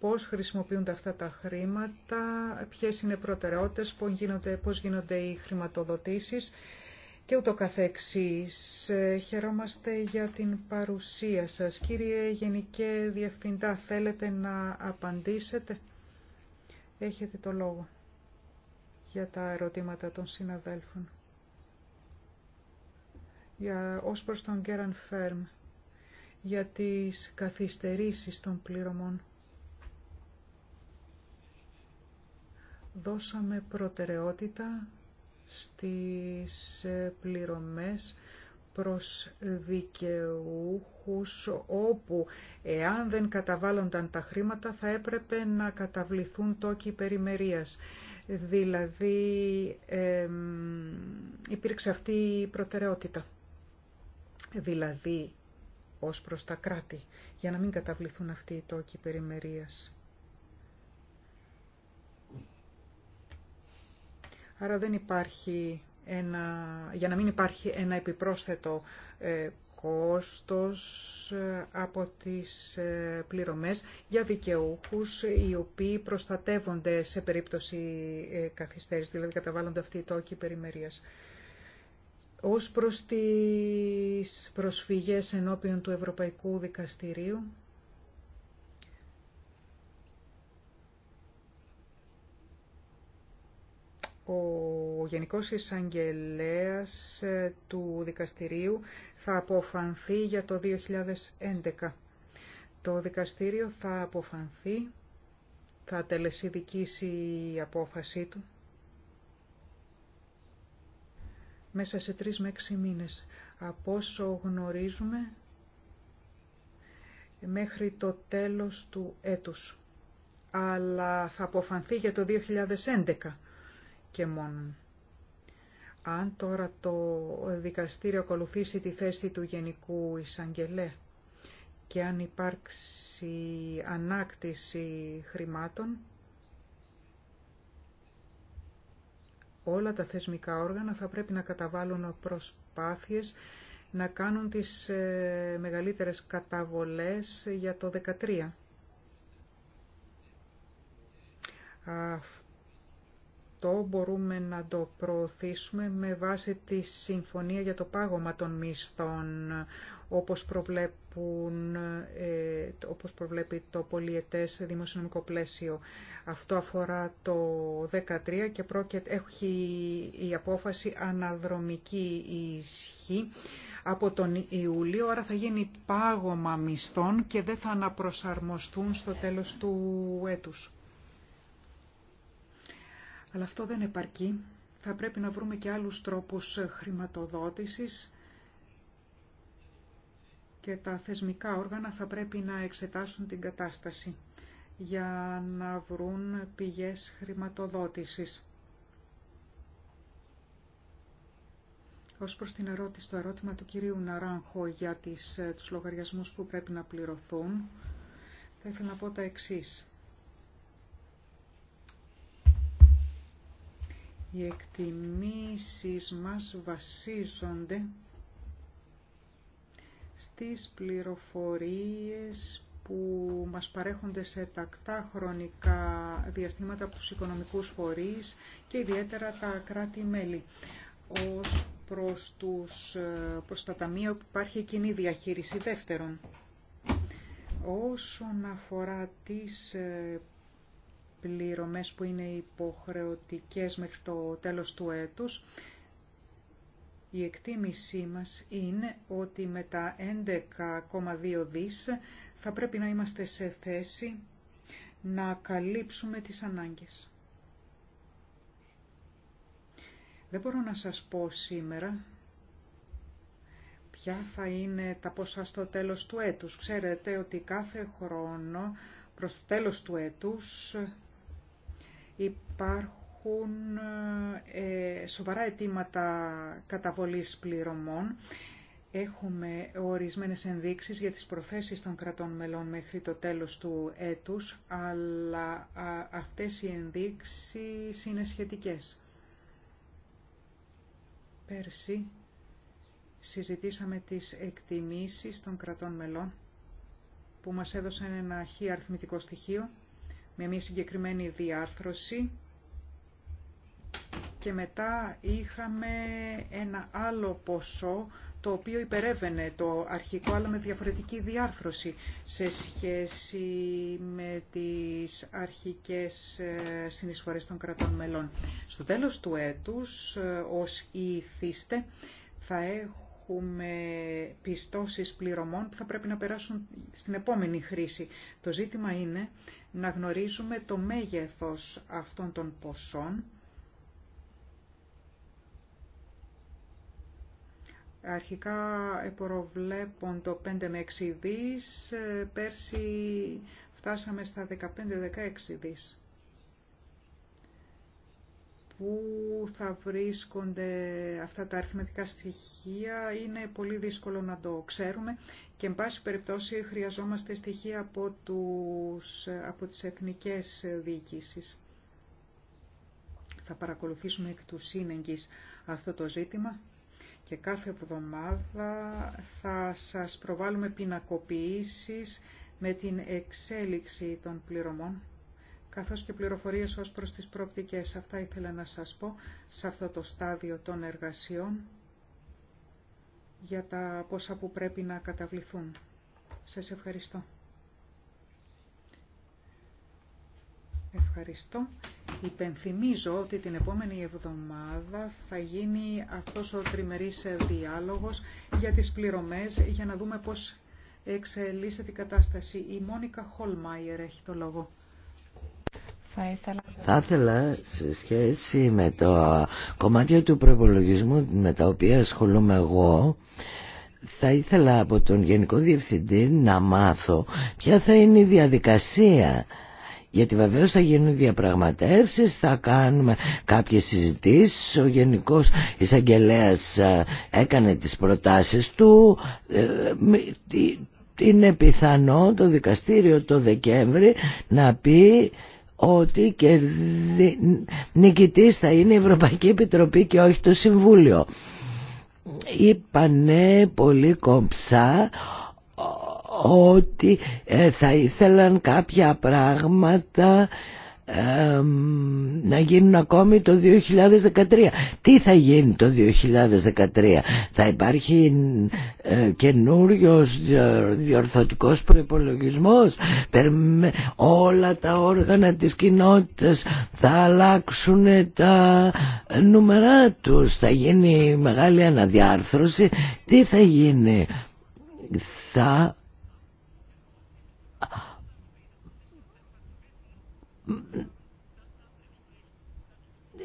πώς χρησιμοποιούνται αυτά τα χρήματα, ποιες είναι προτεραιότητες, πώς γίνονται, πώς γίνονται οι χρηματοδοτήσεις και ούτω καθεξής. Ε, χαιρόμαστε για την παρουσία σας. Κύριε Γενικέ Διευθυντά, θέλετε να απαντήσετε. Έχετε το λόγο για τα ερωτήματα των συναδέλφων. Για, ως προς τον Γκέραν Φέρμ, για τις καθυστερήσεις των πληρωμών. δώσαμε προτεραιότητα στις ε, πληρωμές προς δικαιούχους όπου εάν δεν καταβάλλονταν τα χρήματα θα έπρεπε να καταβληθούν τόκοι περιμερίας. Δηλαδή υπήρξε αυτή η προτεραιότητα. Δηλαδή ως προς τα κράτη για να μην καταβληθούν αυτοί οι τόκοι περιμερίας. Άρα δεν υπάρχει ένα, για να μην υπάρχει ένα επιπρόσθετο ε, κόστος ε, από τις ε, πληρωμές για δικαιούχους οι οποίοι προστατεύονται σε περίπτωση ε, καθυστέρησης, δηλαδή καταβάλλονται αυτοί οι τόκοι περιμερίας. Ως προς τις προσφυγές ενώπιον του Ευρωπαϊκού Δικαστηρίου, ο Γενικός Εισαγγελέας ε, του Δικαστηρίου θα αποφανθεί για το 2011. Το Δικαστήριο θα αποφανθεί, θα τελεσιδικήσει η απόφασή του μέσα σε τρεις με έξι μήνες. Από όσο γνωρίζουμε, μέχρι το τέλος του έτους. Αλλά θα αποφανθεί για το 2011 και Αν τώρα το δικαστήριο ακολουθήσει τη θέση του Γενικού Ισαγγελέ και αν υπάρξει ανάκτηση χρημάτων, όλα τα θεσμικά όργανα θα πρέπει να καταβάλουν προσπάθειες να κάνουν τις ε, μεγαλύτερες καταβολές για το 2013 αυτό μπορούμε να το προωθήσουμε με βάση τη συμφωνία για το πάγωμα των μισθών, όπως, προβλέπουν, ε, όπως προβλέπει το πολιετές δημοσιονομικό πλαίσιο. Αυτό αφορά το 13 και πρόκειται, έχει η απόφαση αναδρομική ισχύ από τον Ιούλιο, άρα θα γίνει πάγωμα μισθών και δεν θα αναπροσαρμοστούν στο τέλος του έτους. Αλλά αυτό δεν επαρκεί. Θα πρέπει να βρούμε και άλλους τρόπους χρηματοδότησης και τα θεσμικά όργανα θα πρέπει να εξετάσουν την κατάσταση για να βρουν πηγές χρηματοδότησης. Ως προς την ερώτηση, το ερώτημα του κυρίου Ναράνχο για τις, ε, τους λογαριασμούς που πρέπει να πληρωθούν, θα ήθελα να πω τα εξής. Οι εκτιμήσεις μας βασίζονται στις πληροφορίες που μας παρέχονται σε τακτά χρονικά διαστήματα από τους οικονομικούς φορείς και ιδιαίτερα τα κράτη-μέλη. Ως προς, τους, προς τα ταμεία που υπάρχει κοινή διαχείριση δεύτερον. Όσον αφορά τις πληρωμές που είναι υποχρεωτικές μέχρι το τέλος του έτους, η εκτίμησή μας είναι ότι με τα 11,2 δις θα πρέπει να είμαστε σε θέση να καλύψουμε τις ανάγκες. Δεν μπορώ να σας πω σήμερα ποια θα είναι τα ποσά στο τέλος του έτους. Ξέρετε ότι κάθε χρόνο προς το τέλος του έτους Υπάρχουν ε, σοβαρά αιτήματα καταβολής πληρωμών. Έχουμε ορισμένες ενδείξεις για τις προθέσεις των κρατών μελών μέχρι το τέλος του έτους, αλλά αυτές οι ενδείξεις είναι σχετικές. Πέρσι συζητήσαμε τις εκτιμήσεις των κρατών μελών που μας έδωσαν ένα χι αριθμητικό στοιχείο με μια συγκεκριμένη διάρθρωση και μετά είχαμε ένα άλλο ποσό το οποίο υπερεύαινε το αρχικό αλλά με διαφορετική διάρθρωση σε σχέση με τις αρχικές ε, συνεισφορές των κρατών μελών. Στο τέλος του έτους, ε, ως ηθίστε, θα έχω έχουμε πιστώσεις πληρωμών που θα πρέπει να περάσουν στην επόμενη χρήση. Το ζήτημα είναι να γνωρίζουμε το μέγεθος αυτών των ποσών Αρχικά το 5 με 6 δις, ε, πέρσι φτάσαμε στα 15-16 δις πού θα βρίσκονται αυτά τα αριθμητικά στοιχεία είναι πολύ δύσκολο να το ξέρουμε και εν πάση περιπτώσει χρειαζόμαστε στοιχεία από, τους, από τις εθνικές διοικήσεις. Θα παρακολουθήσουμε εκ του σύνεγγυς αυτό το ζήτημα και κάθε εβδομάδα θα σας προβάλλουμε πινακοποιήσεις με την εξέλιξη των πληρωμών καθώς και πληροφορίες ως προς τις προοπτικές. Αυτά ήθελα να σας πω σε αυτό το στάδιο των εργασιών για τα πόσα που πρέπει να καταβληθούν. Σας ευχαριστώ. Ευχαριστώ. Υπενθυμίζω ότι την επόμενη εβδομάδα θα γίνει αυτός ο τριμερής διάλογος για τις πληρωμές για να δούμε πώς εξελίσσεται η κατάσταση. Η Μόνικα Χολμάιερ έχει το λόγο. Θα ήθελα... σε σχέση με το κομμάτι του προπολογισμού με τα οποία ασχολούμαι εγώ θα ήθελα από τον Γενικό Διευθυντή να μάθω ποια θα είναι η διαδικασία γιατί βεβαίω θα γίνουν διαπραγματεύσεις, θα κάνουμε κάποιες συζητήσεις. Ο Γενικός εισαγγελέα ε, έκανε τις προτάσεις του. Ε, είναι πιθανό το δικαστήριο το Δεκέμβρη να πει ότι κερδι... νικητής θα είναι η Ευρωπαϊκή Επιτροπή και όχι το Συμβούλιο. Είπανε πολύ κομψά ότι ε, θα ήθελαν κάποια πράγματα να γίνουν ακόμη το 2013. Τι θα γίνει το 2013. Θα υπάρχει ε, καινούριο διορθωτικός προϋπολογισμός. Όλα τα όργανα της κοινότητας θα αλλάξουν τα νούμερά τους. Θα γίνει μεγάλη αναδιάρθρωση. Τι θα γίνει. Θα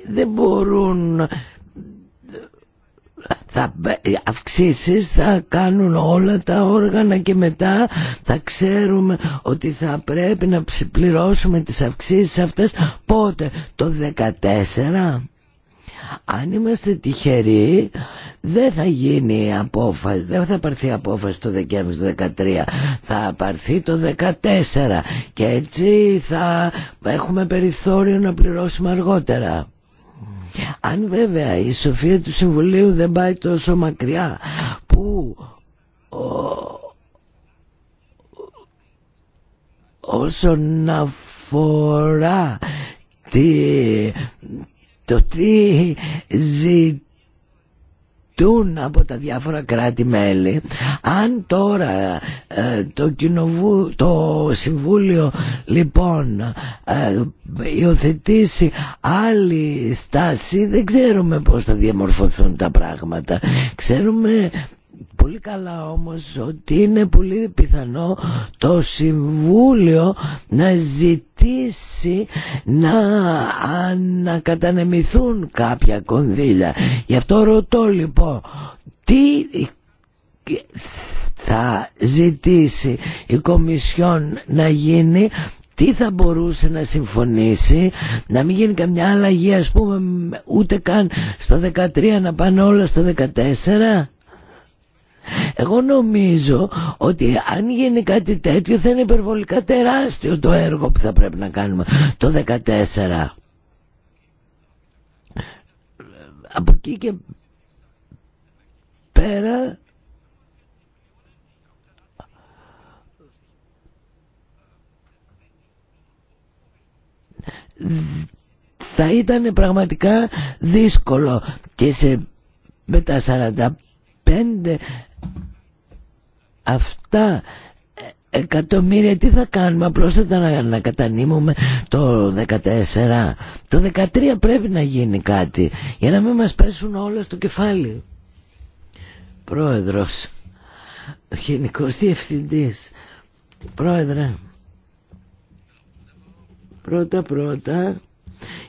δεν μπορούν θα αυξήσεις θα κάνουν όλα τα όργανα και μετά θα ξέρουμε ότι θα πρέπει να πληρώσουμε τις αυξήσεις αυτές πότε το 14 αν είμαστε τυχεροί δεν θα γίνει απόφαση, δεν θα πάρθει απόφαση το Δεκέμβριο του 2013, θα πάρθει το 2014 και έτσι θα έχουμε περιθώριο να πληρώσουμε αργότερα. Αν βέβαια η σοφία του Συμβουλίου δεν πάει τόσο μακριά που όσον αφορά τη, το τι ζητούν από τα διάφορα κράτη-μέλη. Αν τώρα ε, το, κοινοβού, το Συμβούλιο λοιπόν ε, υιοθετήσει άλλη στάση δεν ξέρουμε πώς θα διαμορφωθούν τα πράγματα. Ξέρουμε πολύ καλά όμως ότι είναι πολύ πιθανό το Συμβούλιο να ζητήσει ζητήσει να ανακατανεμηθούν κάποια κονδύλια. Γι' αυτό ρωτώ λοιπόν τι θα ζητήσει η Κομισιόν να γίνει τι θα μπορούσε να συμφωνήσει να μην γίνει καμιά αλλαγή ας πούμε ούτε καν στο 13 να πάνε όλα στο 14 εγώ νομίζω ότι αν γίνει κάτι τέτοιο θα είναι υπερβολικά τεράστιο το έργο που θα πρέπει να κάνουμε το 14. Από εκεί και πέρα θα ήταν πραγματικά δύσκολο και σε, μετά 45 αυτά ε, εκατομμύρια τι θα κάνουμε απλώς θα τα ανακατανύμουμε το 14 το 13 πρέπει να γίνει κάτι για να μην μας πέσουν όλα στο κεφάλι πρόεδρος γενικός διευθυντής πρόεδρε πρώτα πρώτα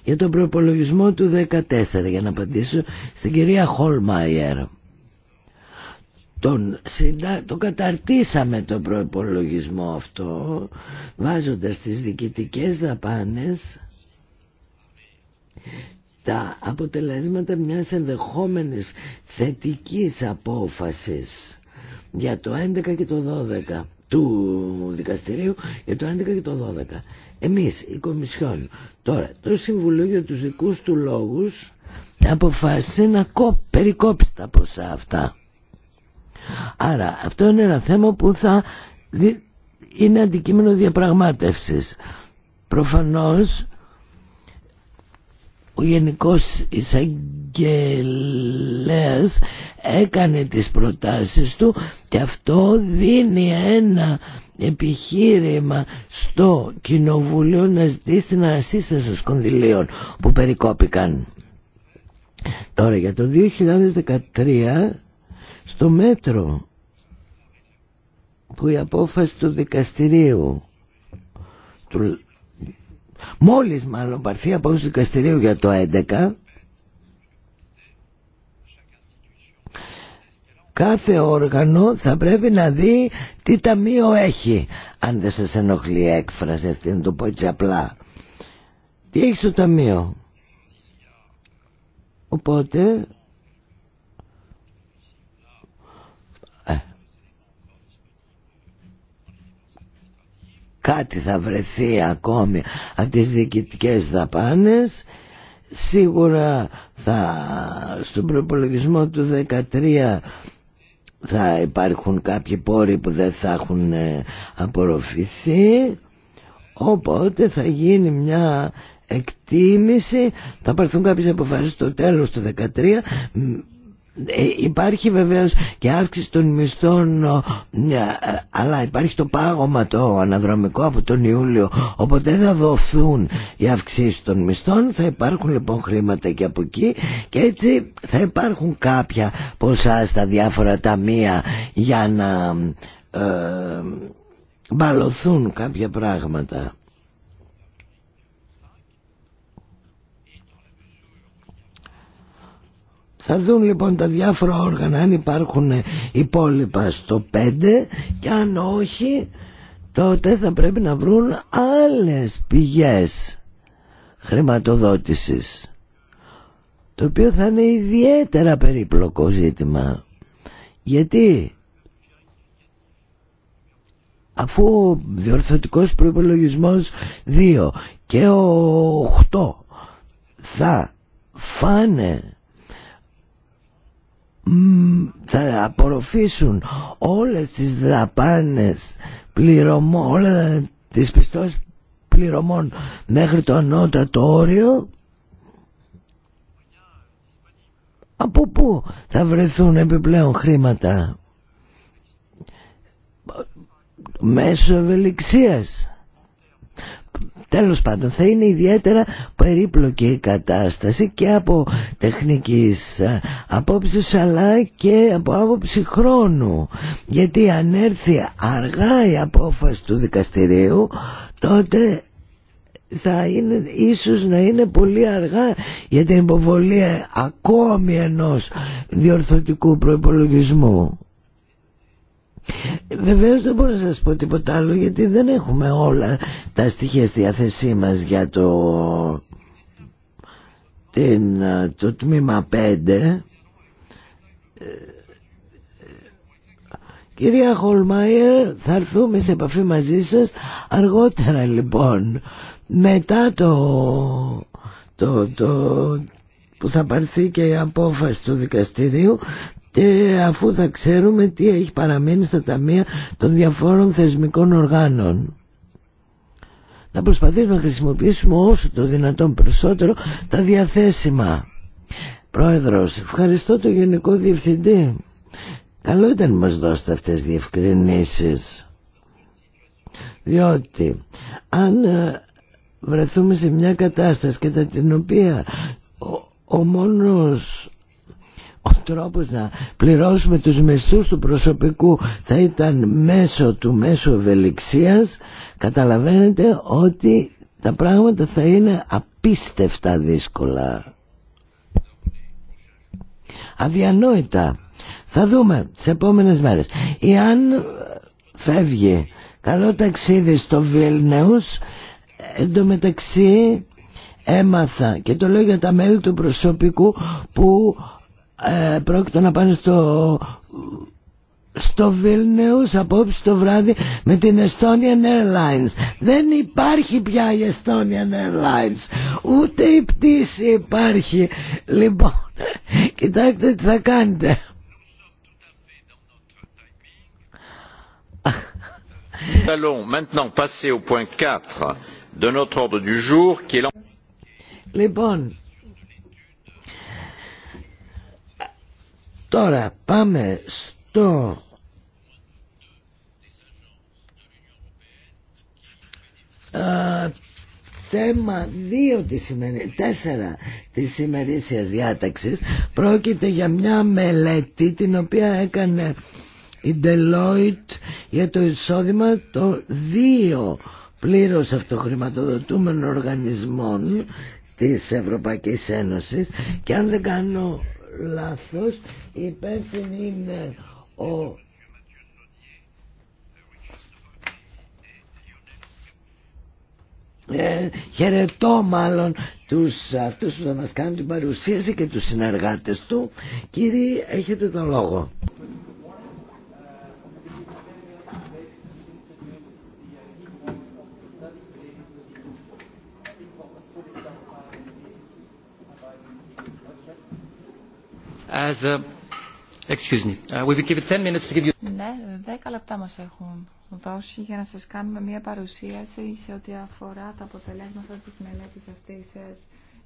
για τον προπολογισμό του 14 για να απαντήσω στην κυρία Χολμάιερ τον, συντα... τον καταρτήσαμε τον προϋπολογισμό αυτό βάζοντας τις διοικητικές δαπάνες τα αποτελέσματα μιας ενδεχόμενης θετικής απόφασης για το 11 και το 12 του δικαστηρίου για το 11 και το 12 εμείς η Κομισιόν τώρα το Συμβουλίο για τους δικούς του λόγους αποφάσισε να περικόψει τα ποσά αυτά Άρα αυτό είναι ένα θέμα που θα είναι αντικείμενο διαπραγμάτευσης. Προφανώς ο Γενικός Εισαγγελέας έκανε τις προτάσεις του και αυτό δίνει ένα επιχείρημα στο Κοινοβούλιο να ζητήσει την ανασύσταση των σκονδυλίων που περικόπηκαν. Τώρα για το 2013 στο μέτρο που η απόφαση του δικαστηρίου του, μόλις μάλλον πάρθει η απόφαση του δικαστηρίου για το 11 κάθε όργανο θα πρέπει να δει τι ταμείο έχει αν δεν σας ενοχλεί η έκφραση αυτή να το πω έτσι απλά τι έχει στο ταμείο οπότε κάτι θα βρεθεί ακόμη από τις διοικητικές δαπάνες σίγουρα θα στον προπολογισμό του 13 θα υπάρχουν κάποιοι πόροι που δεν θα έχουν ε, απορροφηθεί οπότε θα γίνει μια εκτίμηση θα πάρθουν κάποιες αποφάσεις στο τέλος του 13 ε, υπάρχει βεβαίως και αύξηση των μισθών ε, αλλά υπάρχει το πάγωμα το αναδρομικό από τον Ιούλιο οπότε δεν θα δοθούν οι αυξήσει των μισθών θα υπάρχουν λοιπόν χρήματα και από εκεί και έτσι θα υπάρχουν κάποια ποσά στα διάφορα ταμεία για να ε, μπαλωθούν κάποια πράγματα Θα δουν λοιπόν τα διάφορα όργανα αν υπάρχουν υπόλοιπα στο 5 και αν όχι τότε θα πρέπει να βρουν άλλες πηγές χρηματοδότησης το οποίο θα είναι ιδιαίτερα περίπλοκο ζήτημα γιατί αφού ο διορθωτικός προϋπολογισμός 2 και ο 8 θα φάνε θα απορροφήσουν όλες τις δαπάνες πληρωμών όλα τις πιστώσεις πληρωμών μέχρι το ανώτατο όριο από πού θα βρεθούν επιπλέον χρήματα μέσω ευελιξίας Τέλος πάντων θα είναι ιδιαίτερα περίπλοκη η κατάσταση και από τεχνικής ε, απόψης αλλά και από άποψη χρόνου γιατί αν έρθει αργά η απόφαση του δικαστηρίου τότε θα είναι ίσως να είναι πολύ αργά για την υποβολή ακόμη ενός διορθωτικού προϋπολογισμού. Βεβαίως δεν μπορώ να σας πω τίποτα άλλο γιατί δεν έχουμε όλα τα στοιχεία στη διάθεσή μας για το, την, το τμήμα 5. Κυρία Χολμάιερ, θα έρθουμε σε επαφή μαζί σας αργότερα λοιπόν, μετά το, το, το που θα πάρθει και η απόφαση του δικαστηρίου και αφού θα ξέρουμε τι έχει παραμείνει στα ταμεία των διαφόρων θεσμικών οργάνων. Θα προσπαθήσουμε να χρησιμοποιήσουμε όσο το δυνατόν περισσότερο τα διαθέσιμα. Πρόεδρος, ευχαριστώ το Γενικό Διευθυντή. Καλό ήταν να μας δώσετε αυτές τις διευκρινήσεις. Διότι αν ε, βρεθούμε σε μια κατάσταση κατά την οποία ο, ο μόνος ο τρόπος να πληρώσουμε τους μισθούς του προσωπικού θα ήταν μέσω του μέσου ευελιξίας καταλαβαίνετε ότι τα πράγματα θα είναι απίστευτα δύσκολα αδιανόητα θα δούμε τις επόμενες μέρες εάν φεύγει καλό ταξίδι στο Βιλνεούς εντωμεταξύ έμαθα και το λέω για τα μέλη του προσωπικού που ε, πρόκειται να πάνε στο στο Βίλνεους απόψε το βράδυ με την Estonian Airlines δεν υπάρχει πια η Estonian Airlines ούτε η πτήση υπάρχει λοιπόν κοιτάξτε τι θα κάνετε Λοιπόν, Τώρα πάμε στο θέμα 2 της 4 της ημερήσιας διάταξης πρόκειται για μια μελέτη την οποία έκανε η Deloitte για το εισόδημα των δύο πλήρως αυτοχρηματοδοτούμενων οργανισμών της Ευρωπαϊκής Ένωσης και αν δεν κάνω λάθος. Υπεύθυνοι είναι ο Ε, χαιρετώ μάλλον τους, αυτούς που θα μας κάνουν την παρουσίαση και τους συνεργάτες του. Κύριοι, έχετε τον λόγο. Ναι, δέκα λεπτά μας έχουν δώσει για να σας κάνουμε μια παρουσίαση σε ό,τι αφορά τα αποτελέσματα της μελέτης αυτής ε,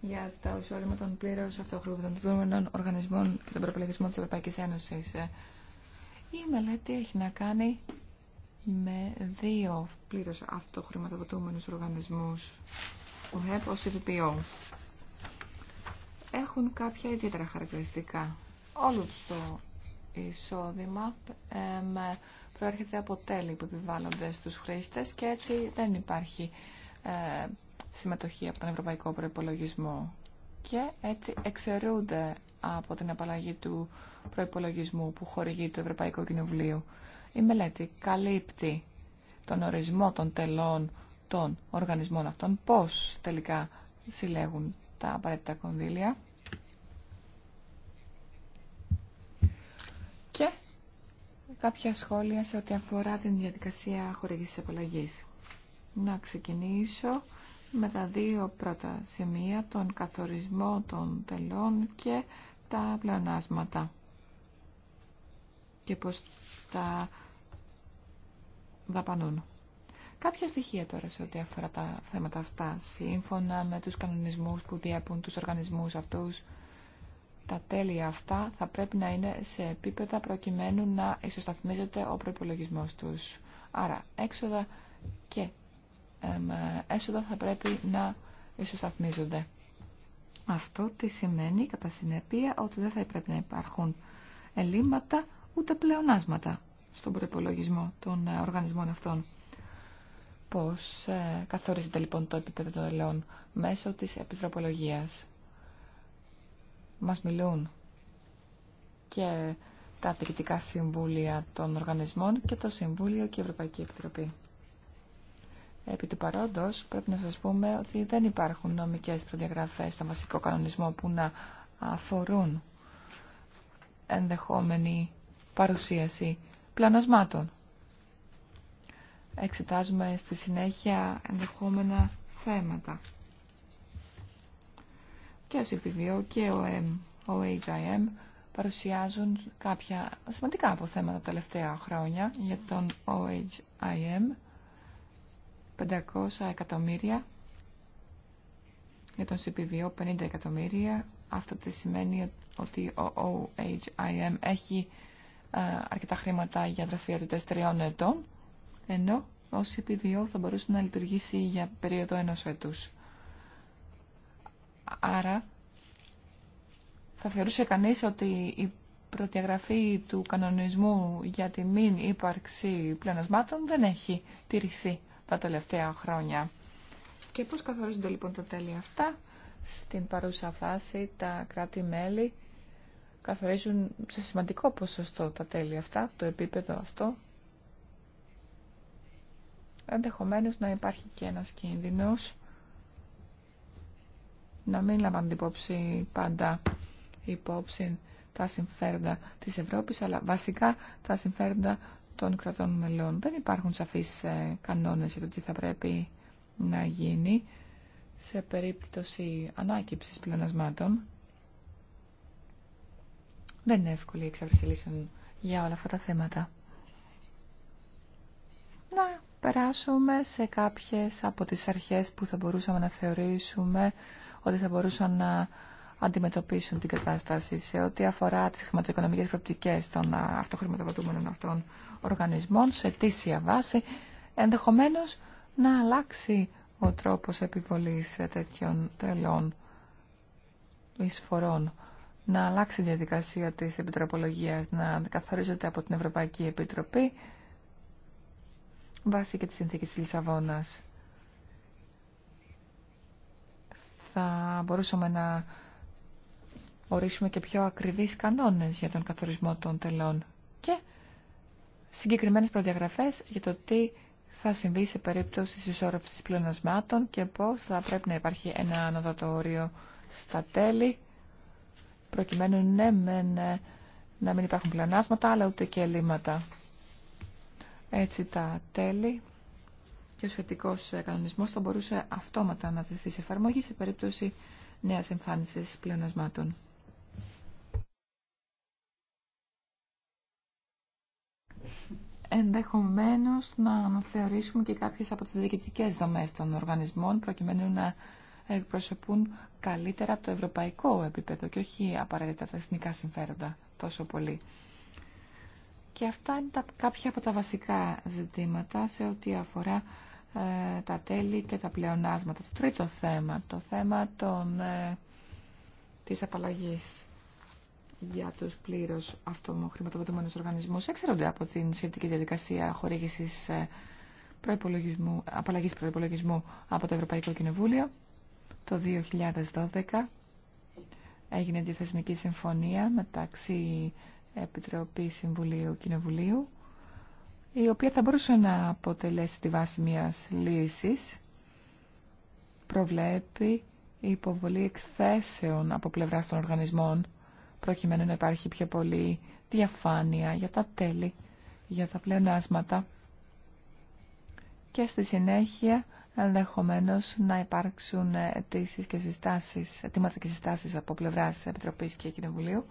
για τα εισόδημα των πλήρως αυτοχρηματοδοτούμενων οργανισμών και τον προπολογισμό της Ευρωπαϊκής Ένωσης. Ε. Η μελέτη έχει να κάνει με δύο πλήρως αυτοχρηματοδοτούμενους οργανισμούς, ο ο έχουν κάποια ιδιαίτερα χαρακτηριστικά. Όλο το εισόδημα προέρχεται από τέλη που επιβάλλονται στους χρήστες και έτσι δεν υπάρχει ε, συμμετοχή από τον Ευρωπαϊκό Προϋπολογισμό και έτσι εξαιρούνται από την απαλλαγή του προϋπολογισμού που χορηγεί το Ευρωπαϊκό Κοινοβουλίο. Η μελέτη καλύπτει τον ορισμό των τελών των οργανισμών αυτών, πώς τελικά συλλέγουν τα απαραίτητα κονδύλια. Και κάποια σχόλια σε ό,τι αφορά την διαδικασία χορηγής επιλογής. Να ξεκινήσω με τα δύο πρώτα σημεία, τον καθορισμό των τελών και τα πλεονάσματα και πώς τα δαπανούν. Κάποια στοιχεία τώρα σε ό,τι αφορά τα θέματα αυτά. Σύμφωνα με τους κανονισμούς που διέπουν τους οργανισμούς αυτούς, τα τέλεια αυτά θα πρέπει να είναι σε επίπεδα προκειμένου να ισοσταθμίζεται ο προπολογισμό τους. Άρα έξοδα και έσοδα θα πρέπει να ισοσταθμίζονται. Αυτό τι σημαίνει κατά συνέπεια ότι δεν θα πρέπει να υπάρχουν ελλείμματα ούτε πλεονάσματα στον προπολογισμό των οργανισμών αυτών. Πώς ε, καθορίζεται λοιπόν το επίπεδο των ελαιών μέσω της επιτροπολογίας. Μας μιλούν και τα διοικητικά συμβούλια των οργανισμών και το Συμβούλιο και η Ευρωπαϊκή Επιτροπή. Επί του παρόντος πρέπει να σας πούμε ότι δεν υπάρχουν νομικές προδιαγραφές στο βασικό κανονισμό που να αφορούν ενδεχόμενη παρουσίαση πλανασμάτων εξετάζουμε στη συνέχεια ενδεχόμενα θέματα. Και ο CPVO και ο, OHIM παρουσιάζουν κάποια σημαντικά αποθέματα τα τελευταία χρόνια για τον OHIM 500 εκατομμύρια για τον CPVO 50 εκατομμύρια αυτό τι σημαίνει ότι ο OHIM έχει ε, αρκετά χρήματα για του τριών ετών ενώ ω θα μπορούσε να λειτουργήσει για περίοδο ενό έτου. Άρα θα θεωρούσε κανείς ότι η προδιαγραφή του κανονισμού για τη μην ύπαρξη πλανασμάτων δεν έχει τηρηθεί τα τελευταία χρόνια. Και πώς καθορίζονται λοιπόν τα τέλη αυτά. Στην παρούσα φάση τα κράτη-μέλη καθορίζουν σε σημαντικό ποσοστό τα τέλη αυτά, το επίπεδο αυτό ενδεχομένως να υπάρχει και ένας κίνδυνος να μην λαμβάνουν υπόψη πάντα υπόψη τα συμφέροντα της Ευρώπης, αλλά βασικά τα συμφέροντα των κρατών μελών. Δεν υπάρχουν σαφείς ε, κανόνες για το τι θα πρέπει να γίνει σε περίπτωση ανάκυψης πλεονασμάτων. Δεν είναι εύκολη η για όλα αυτά τα θέματα. Να περάσουμε σε κάποιες από τις αρχές που θα μπορούσαμε να θεωρήσουμε ότι θα μπορούσαν να αντιμετωπίσουν την κατάσταση σε ό,τι αφορά τις χρηματοοικονομικές προπτικές των αυτοχρηματοδοτούμενων αυτών οργανισμών σε τήσια βάση, ενδεχομένως να αλλάξει ο τρόπος επιβολής τέτοιων τελών εισφορών, να αλλάξει η διαδικασία της επιτροπολογίας, να καθορίζεται από την Ευρωπαϊκή Επιτροπή βάσει και τη συνθήκη τη Λισαβόνα. Θα μπορούσαμε να ορίσουμε και πιο ακριβείς κανόνες για τον καθορισμό των τελών και συγκεκριμένες προδιαγραφές για το τι θα συμβεί σε περίπτωση συσσόρευσης πλεονασμάτων και πώς θα πρέπει να υπάρχει ένα ανώτατο στα τέλη προκειμένου ναι, με, ε, να μην υπάρχουν πλεονάσματα αλλά ούτε και ελλείμματα. Έτσι τα τέλη και ο σχετικό ε, κανονισμό θα μπορούσε αυτόματα να τεθεί σε εφαρμογή σε περίπτωση νέα εμφάνιση πλεονασμάτων. Ενδεχομένως να αναθεωρήσουμε και κάποιες από τις διοικητικέ δομές των οργανισμών προκειμένου να εκπροσωπούν καλύτερα το ευρωπαϊκό επίπεδο και όχι απαραίτητα τα εθνικά συμφέροντα τόσο πολύ. Και αυτά είναι τα, κάποια από τα βασικά ζητήματα σε ό,τι αφορά ε, τα τέλη και τα πλεονάσματα. Το τρίτο θέμα, το θέμα των, ε, της απαλλαγής για τους πλήρως αυτομοχρηματοδοτούμενους οργανισμούς έξερονται από την σχετική διαδικασία χορήγησης ε, προϋπολογισμού, απαλλαγής προϋπολογισμού από το Ευρωπαϊκό Κοινοβούλιο το 2012. Έγινε διαθεσμική συμφωνία μεταξύ Επιτροπή Συμβουλίου Κοινοβουλίου, η οποία θα μπορούσε να αποτελέσει τη βάση μιας λύσης, προβλέπει η υποβολή εκθέσεων από πλευράς των οργανισμών, προκειμένου να υπάρχει πιο πολύ διαφάνεια για τα τέλη, για τα πλεονάσματα και στη συνέχεια ενδεχομένω να υπάρξουν αιτήσει και συστάσεις, αιτήματα και συστάσεις από πλευράς Επιτροπής και Κοινοβουλίου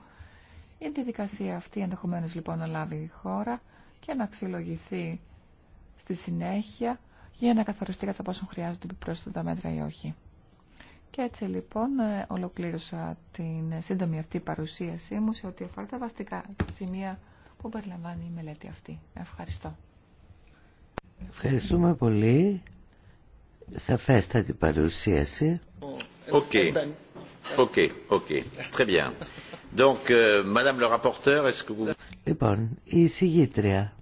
είναι Η δικασία αυτή ενδεχομένως λοιπόν να λάβει η χώρα και να αξιολογηθεί στη συνέχεια για να καθοριστεί κατά πόσο χρειάζονται επιπρόσθετα μέτρα ή όχι. Και έτσι λοιπόν ε, ολοκλήρωσα την σύντομη αυτή παρουσίασή μου σε ό,τι αφορά τα βαστικά σημεία που περιλαμβάνει η μελέτη αυτή. Ευχαριστώ. Ευχαριστούμε πολύ. Σαφέστατη παρουσίαση. Οκ. Οκ. Οκ. Euh, λοιπόν, η συγγήτρια.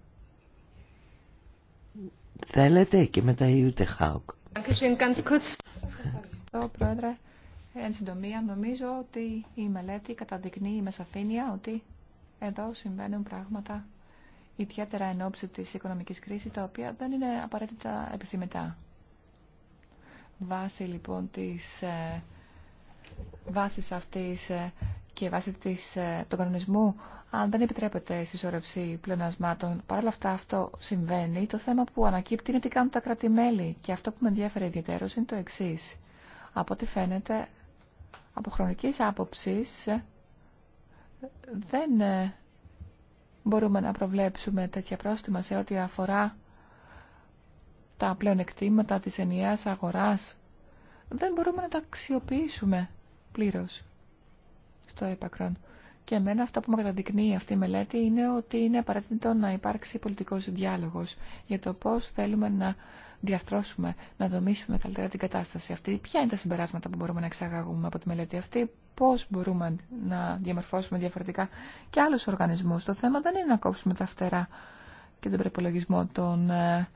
Θέλετε και μετά η Ούτε Χάουκ. Ευχαριστώ, Πρόεδρε. Εν συντομία, νομίζω ότι η μελέτη καταδεικνύει με σαφήνεια ότι εδώ συμβαίνουν πράγματα ιδιαίτερα εν ώψη της οικονομικής κρίσης, τα οποία δεν είναι απαραίτητα επιθυμητά. Βάσει λοιπόν της ε, βάσης αυτής ε, και βάσει της, ε, των κανονισμού, αν δεν επιτρέπεται η συσσωρευσή πλεονασμάτων, παρόλα αυτά αυτό συμβαίνει, το θέμα που ανακύπτει είναι τι κάνουν τα κρατημέλη. Και αυτό που με ενδιαφέρει ιδιαίτερως είναι το εξή. Από ό,τι φαίνεται, από χρονικής άποψη δεν ε, μπορούμε να προβλέψουμε τέτοια πρόστιμα σε ό,τι αφορά τα πλεονεκτήματα της ενιαίας αγοράς. Δεν μπορούμε να τα αξιοποιήσουμε πλήρως στο έπακρον. Και εμένα αυτό που με καταδεικνύει αυτή η μελέτη είναι ότι είναι απαραίτητο να υπάρξει πολιτικός διάλογος για το πώς θέλουμε να διαρθρώσουμε, να δομήσουμε καλύτερα την κατάσταση αυτή. Ποια είναι τα συμπεράσματα που μπορούμε να εξαγάγουμε από τη μελέτη αυτή, πώς μπορούμε να διαμορφώσουμε διαφορετικά και άλλους οργανισμούς. Το θέμα δεν είναι να κόψουμε τα φτερά και τον προπολογισμό των ε,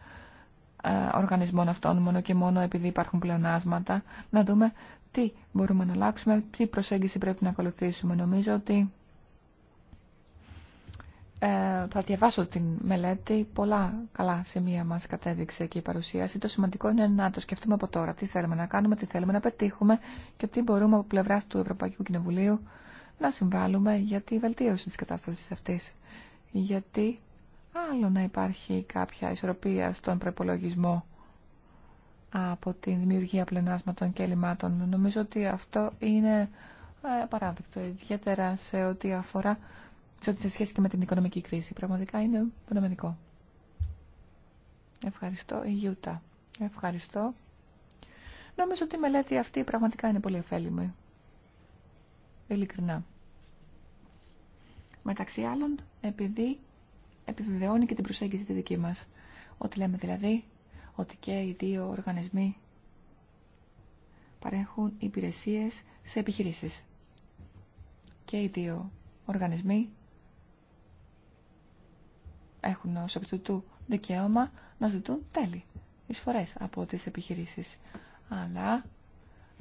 ε, οργανισμών αυτών μόνο και μόνο επειδή υπάρχουν πλεονάσματα, να δούμε τι μπορούμε να αλλάξουμε, τι προσέγγιση πρέπει να ακολουθήσουμε. Νομίζω ότι ε, θα διαβάσω την μελέτη. Πολλά καλά σημεία μας κατέδειξε και η παρουσίαση. Το σημαντικό είναι να το σκεφτούμε από τώρα. Τι θέλουμε να κάνουμε, τι θέλουμε να πετύχουμε και τι μπορούμε από πλευρά του Ευρωπαϊκού Κοινοβουλίου να συμβάλλουμε για τη βελτίωση της κατάστασης αυτής. Γιατί άλλο να υπάρχει κάποια ισορροπία στον προπολογισμό από την δημιουργία πλενάσματων και ελλημάτων. Νομίζω ότι αυτό είναι ε, παράδεικτο, ιδιαίτερα σε ό,τι αφορά σε, ό,τι σχέση και με την οικονομική κρίση. Πραγματικά είναι πνευματικό. Ευχαριστώ, η Ευχαριστώ. Νομίζω ότι η μελέτη αυτή πραγματικά είναι πολύ ωφέλιμη. Ειλικρινά. Μεταξύ άλλων, επειδή επιβεβαιώνει και την προσέγγιση τη δική μας. Ό,τι λέμε δηλαδή ότι και οι δύο οργανισμοί παρέχουν υπηρεσίες σε επιχειρήσεις. Και οι δύο οργανισμοί έχουν ως εκ δικαίωμα να ζητούν τέλη, εισφορές από τις επιχειρήσεις. Αλλά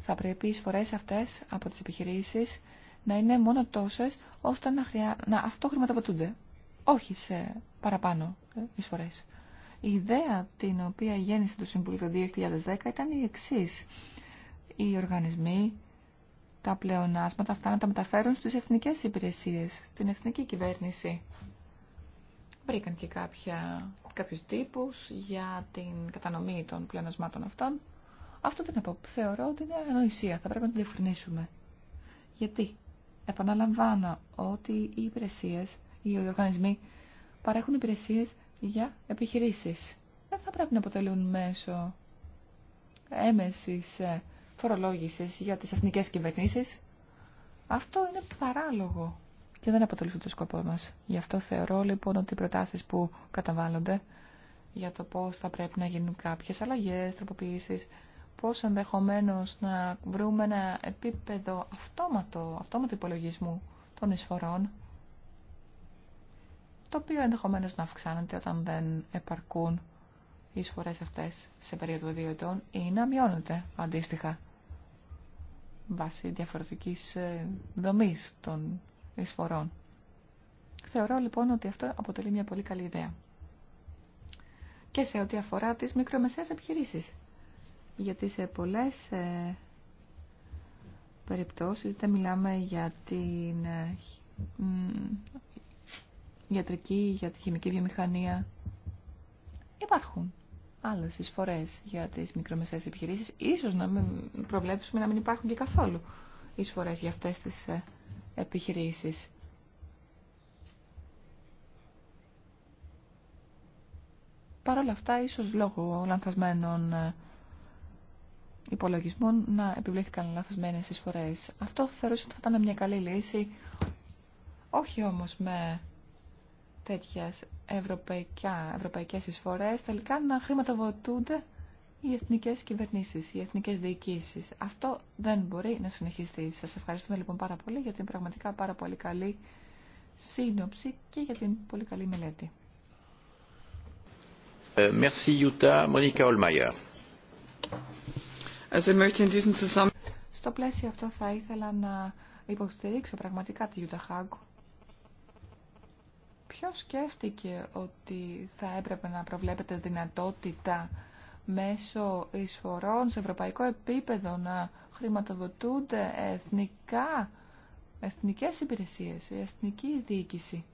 θα πρέπει οι εισφορές αυτές από τις επιχειρήσεις να είναι μόνο τόσες ώστε να, χρειά... να αυτό χρηματοδοτούνται. Όχι σε παραπάνω ε, εισφορές. Η ιδέα την οποία γέννησε το Συμβούλιο το 2010 ήταν η εξή. Οι οργανισμοί τα πλεονάσματα αυτά να τα μεταφέρουν στις εθνικές υπηρεσίες, στην εθνική κυβέρνηση. Βρήκαν και κάποια, κάποιους τύπους για την κατανομή των πλεονασμάτων αυτών. Αυτό δεν απο... θεωρώ ότι είναι ανοησία, θα πρέπει να το διευκρινίσουμε. Γιατί, επαναλαμβάνω ότι οι υπηρεσίες, οι οργανισμοί παρέχουν υπηρεσίες για επιχειρήσεις. Δεν θα πρέπει να αποτελούν μέσο έμεσης ε, φορολόγησης για τις εθνικές κυβερνήσεις. Αυτό είναι παράλογο και δεν αποτελούν το σκοπό μας. Γι' αυτό θεωρώ λοιπόν ότι οι προτάσεις που καταβάλλονται για το πώς θα πρέπει να γίνουν κάποιες αλλαγές, τροποποιήσεις, πώς ενδεχομένως να βρούμε ένα επίπεδο αυτόματο, αυτόματο υπολογισμού των εισφορών, το οποίο ενδεχομένως να αυξάνεται όταν δεν επαρκούν οι εισφορές αυτές σε περίοδο δύο ετών ή να μειώνεται αντίστοιχα βάσει διαφορετικής ε, δομής των εισφορών. Θεωρώ λοιπόν ότι αυτό αποτελεί μια πολύ καλή ιδέα. Και σε ό,τι αφορά τις μικρομεσαίες επιχειρήσεις. Γιατί σε πολλές ε, περιπτώσεις δεν μιλάμε για την ε, ιατρική, για τη χημική βιομηχανία. Υπάρχουν άλλες εισφορές για τις μικρομεσαίες επιχειρήσεις. Ίσως να μην προβλέψουμε να μην υπάρχουν και καθόλου εισφορέ για αυτές τις ε, επιχειρήσεις. Παρ' όλα αυτά, ίσως λόγω λανθασμένων ε, υπολογισμών να επιβλήθηκαν λανθασμένε εισφορές. Αυτό θεωρούσε ότι θα ήταν μια καλή λύση, όχι όμως με Τέτοια ευρωπαϊκά, ευρωπαϊκές εισφορές τελικά να χρηματοδοτούνται οι εθνικές κυβερνήσεις, οι εθνικές διοικήσεις. Αυτό δεν μπορεί να συνεχιστεί. Σας ευχαριστούμε λοιπόν πάρα πολύ για την πραγματικά πάρα πολύ καλή σύνοψη και για την πολύ καλή μελέτη. Ε, merci Jutta, Monika Also möchte Στο πλαίσιο αυτό θα ήθελα να υποστηρίξω πραγματικά τη Γιούτα Ποιος σκέφτηκε ότι θα έπρεπε να προβλέπεται δυνατότητα μέσω εισφορών σε ευρωπαϊκό επίπεδο να χρηματοδοτούνται εθνικά, εθνικές υπηρεσίες, η εθνική διοίκηση.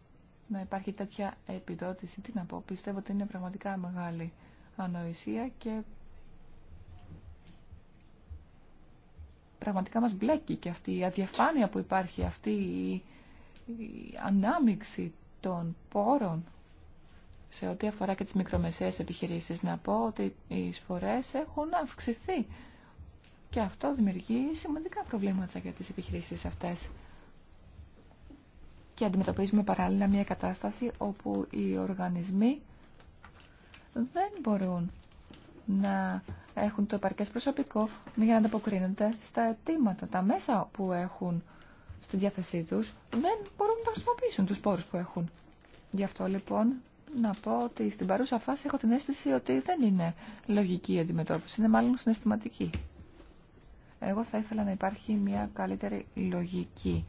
Να υπάρχει τέτοια επιδότηση, τι να πω, πιστεύω ότι είναι πραγματικά μεγάλη ανοησία και πραγματικά μας μπλέκει και αυτή η αδιαφάνεια που υπάρχει, αυτή η, η των πόρων σε ό,τι αφορά και τις μικρομεσαίες επιχειρήσεις να πω ότι οι εισφορές έχουν αυξηθεί και αυτό δημιουργεί σημαντικά προβλήματα για τις επιχειρήσεις αυτές. Και αντιμετωπίζουμε παράλληλα μια κατάσταση όπου οι οργανισμοί δεν μπορούν να έχουν το επαρκές προσωπικό για να ανταποκρίνονται στα αιτήματα, τα μέσα που έχουν στη διάθεσή τους δεν μπορούν να χρησιμοποιήσουν τους πόρους που έχουν. Γι' αυτό λοιπόν να πω ότι στην παρούσα φάση έχω την αίσθηση ότι δεν είναι λογική η αντιμετώπιση, είναι μάλλον συναισθηματική. Εγώ θα ήθελα να υπάρχει μια καλύτερη λογική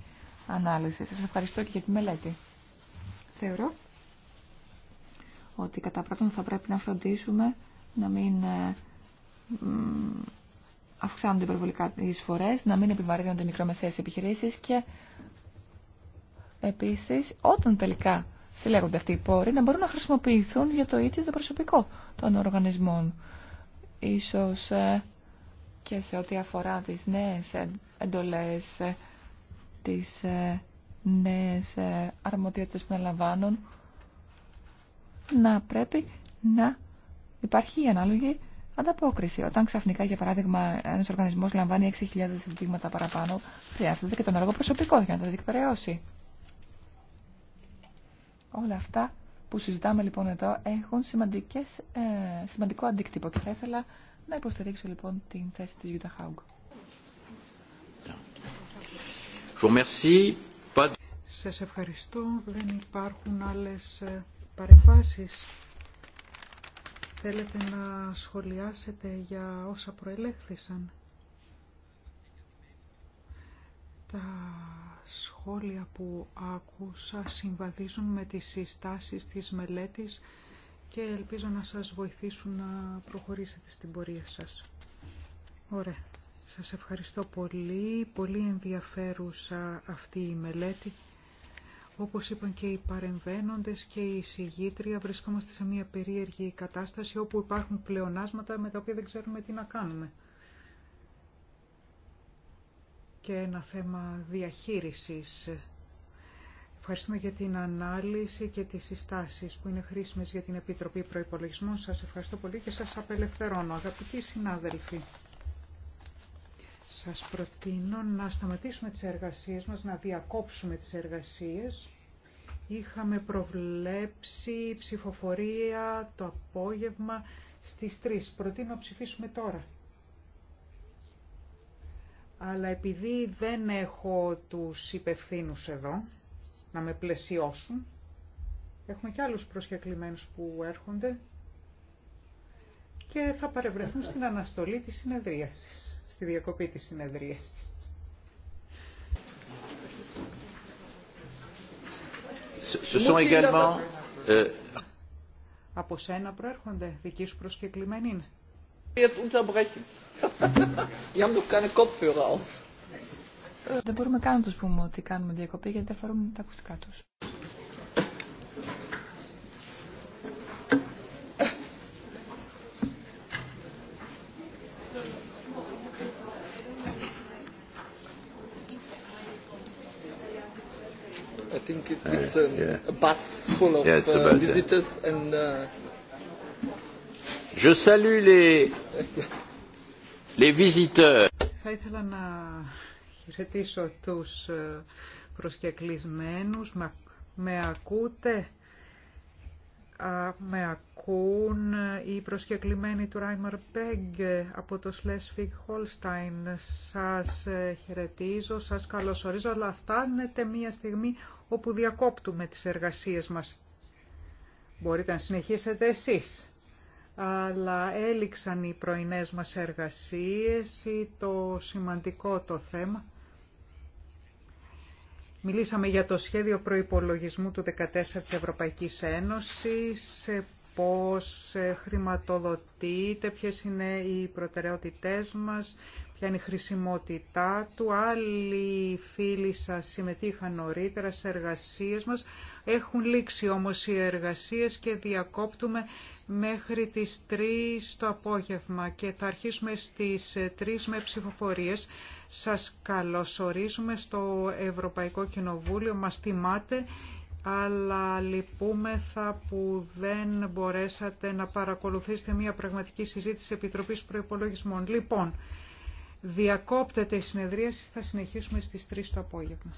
ανάλυση. Σας ευχαριστώ και για τη μελέτη. Θεωρώ ότι κατά πρώτον θα πρέπει να φροντίσουμε να μην ε, αυξάνονται υπερβολικά οι εισφορές, να μην επιβαρύνονται οι μικρομεσαίες επιχειρήσεις και επίσης όταν τελικά συλλέγονται αυτοί οι πόροι να μπορούν να χρησιμοποιηθούν για το ίδιο το προσωπικό των οργανισμών. Ίσως ε, και σε ό,τι αφορά τις νέες εντολές, ε, τις ε, νέες αρμοδιότητες που αναλαμβάνουν, να πρέπει να υπάρχει η ανάλογη ανταπόκριση. Όταν ξαφνικά, για παράδειγμα, ένα οργανισμό λαμβάνει 6.000 δείγματα παραπάνω, χρειάζεται και τον έργο προσωπικό για να τα διεκπαιρεώσει. Όλα αυτά που συζητάμε λοιπόν εδώ έχουν ε, σημαντικό αντίκτυπο και θα ήθελα να υποστηρίξω λοιπόν την θέση της Γιούτα Χάουγκ. Σας ευχαριστώ. Δεν υπάρχουν άλλες ε, παρεμβάσεις. Θέλετε να σχολιάσετε για όσα προελέχθησαν. Τα σχόλια που άκουσα συμβαδίζουν με τις συστάσεις της μελέτης και ελπίζω να σας βοηθήσουν να προχωρήσετε στην πορεία σας. Ωραία. Σας ευχαριστώ πολύ. Πολύ ενδιαφέρουσα αυτή η μελέτη. Όπως είπαν και οι παρεμβαίνοντες και οι συγγήτρια, βρισκόμαστε σε μια περίεργη κατάσταση όπου υπάρχουν πλεονάσματα με τα οποία δεν ξέρουμε τι να κάνουμε. Και ένα θέμα διαχείρισης. Ευχαριστούμε για την ανάλυση και τις συστάσεις που είναι χρήσιμες για την Επιτροπή Προϋπολογισμών. Σας ευχαριστώ πολύ και σας απελευθερώνω, αγαπητοί συνάδελφοι. Σας προτείνω να σταματήσουμε τις εργασίες μας, να διακόψουμε τις εργασίες. Είχαμε προβλέψει ψηφοφορία το απόγευμα στις 3. Προτείνω να ψηφίσουμε τώρα. Αλλά επειδή δεν έχω τους υπευθύνους εδώ να με πλαισιώσουν, έχουμε και άλλους προσκεκλημένους που έρχονται και θα παρευρεθούν στην αναστολή της συνεδρίασης στη διακοπή της συνεδρίασης. Euh, Από σένα προέρχονται, δικοί σου προσκεκλημένοι είναι. Δεν μπορούμε καν να τους πούμε ότι κάνουμε διακοπή γιατί δεν φορούμε τα ακουστικά τους. it's a, a bus full of yeah, uh, bus, visitors yeah. and. Uh... Je salue les les visiteurs. Θα ήθελα να χαιρετήσω τους προσκεκλισμένους. Μα, με ακούτε; Α, με ακούν οι προσκεκλημένοι του Ράιμαρ Πέγγ από το Σλέσφιγ Χολστάιν. Σας ε, χαιρετίζω, σας καλωσορίζω, αλλά φτάνετε μία στιγμή όπου διακόπτουμε τις εργασίες μας. Μπορείτε να συνεχίσετε εσείς. Αλλά έληξαν οι πρωινές μας εργασίες ή το σημαντικό το θέμα. Μιλήσαμε για το σχέδιο προϋπολογισμού του 14 της Ευρωπαϊκής Ένωσης, πώς ε, χρηματοδοτείται, ποιες είναι οι προτεραιότητές μας, ποια είναι η χρησιμότητά του. Άλλοι φίλοι σας συμμετείχαν νωρίτερα σε εργασίες μας, έχουν λήξει όμως οι εργασίες και διακόπτουμε μέχρι τις 3 το απόγευμα και θα αρχίσουμε στις 3 με ψηφοφορίες. Σας καλωσορίζουμε στο Ευρωπαϊκό Κοινοβούλιο, μας θυμάται, αλλά λυπούμεθα που δεν μπορέσατε να παρακολουθήσετε μια πραγματική συζήτηση Επιτροπής Προϋπολογισμών. Λοιπόν, διακόπτεται η συνεδρίαση, θα συνεχίσουμε στις 3 το απόγευμα.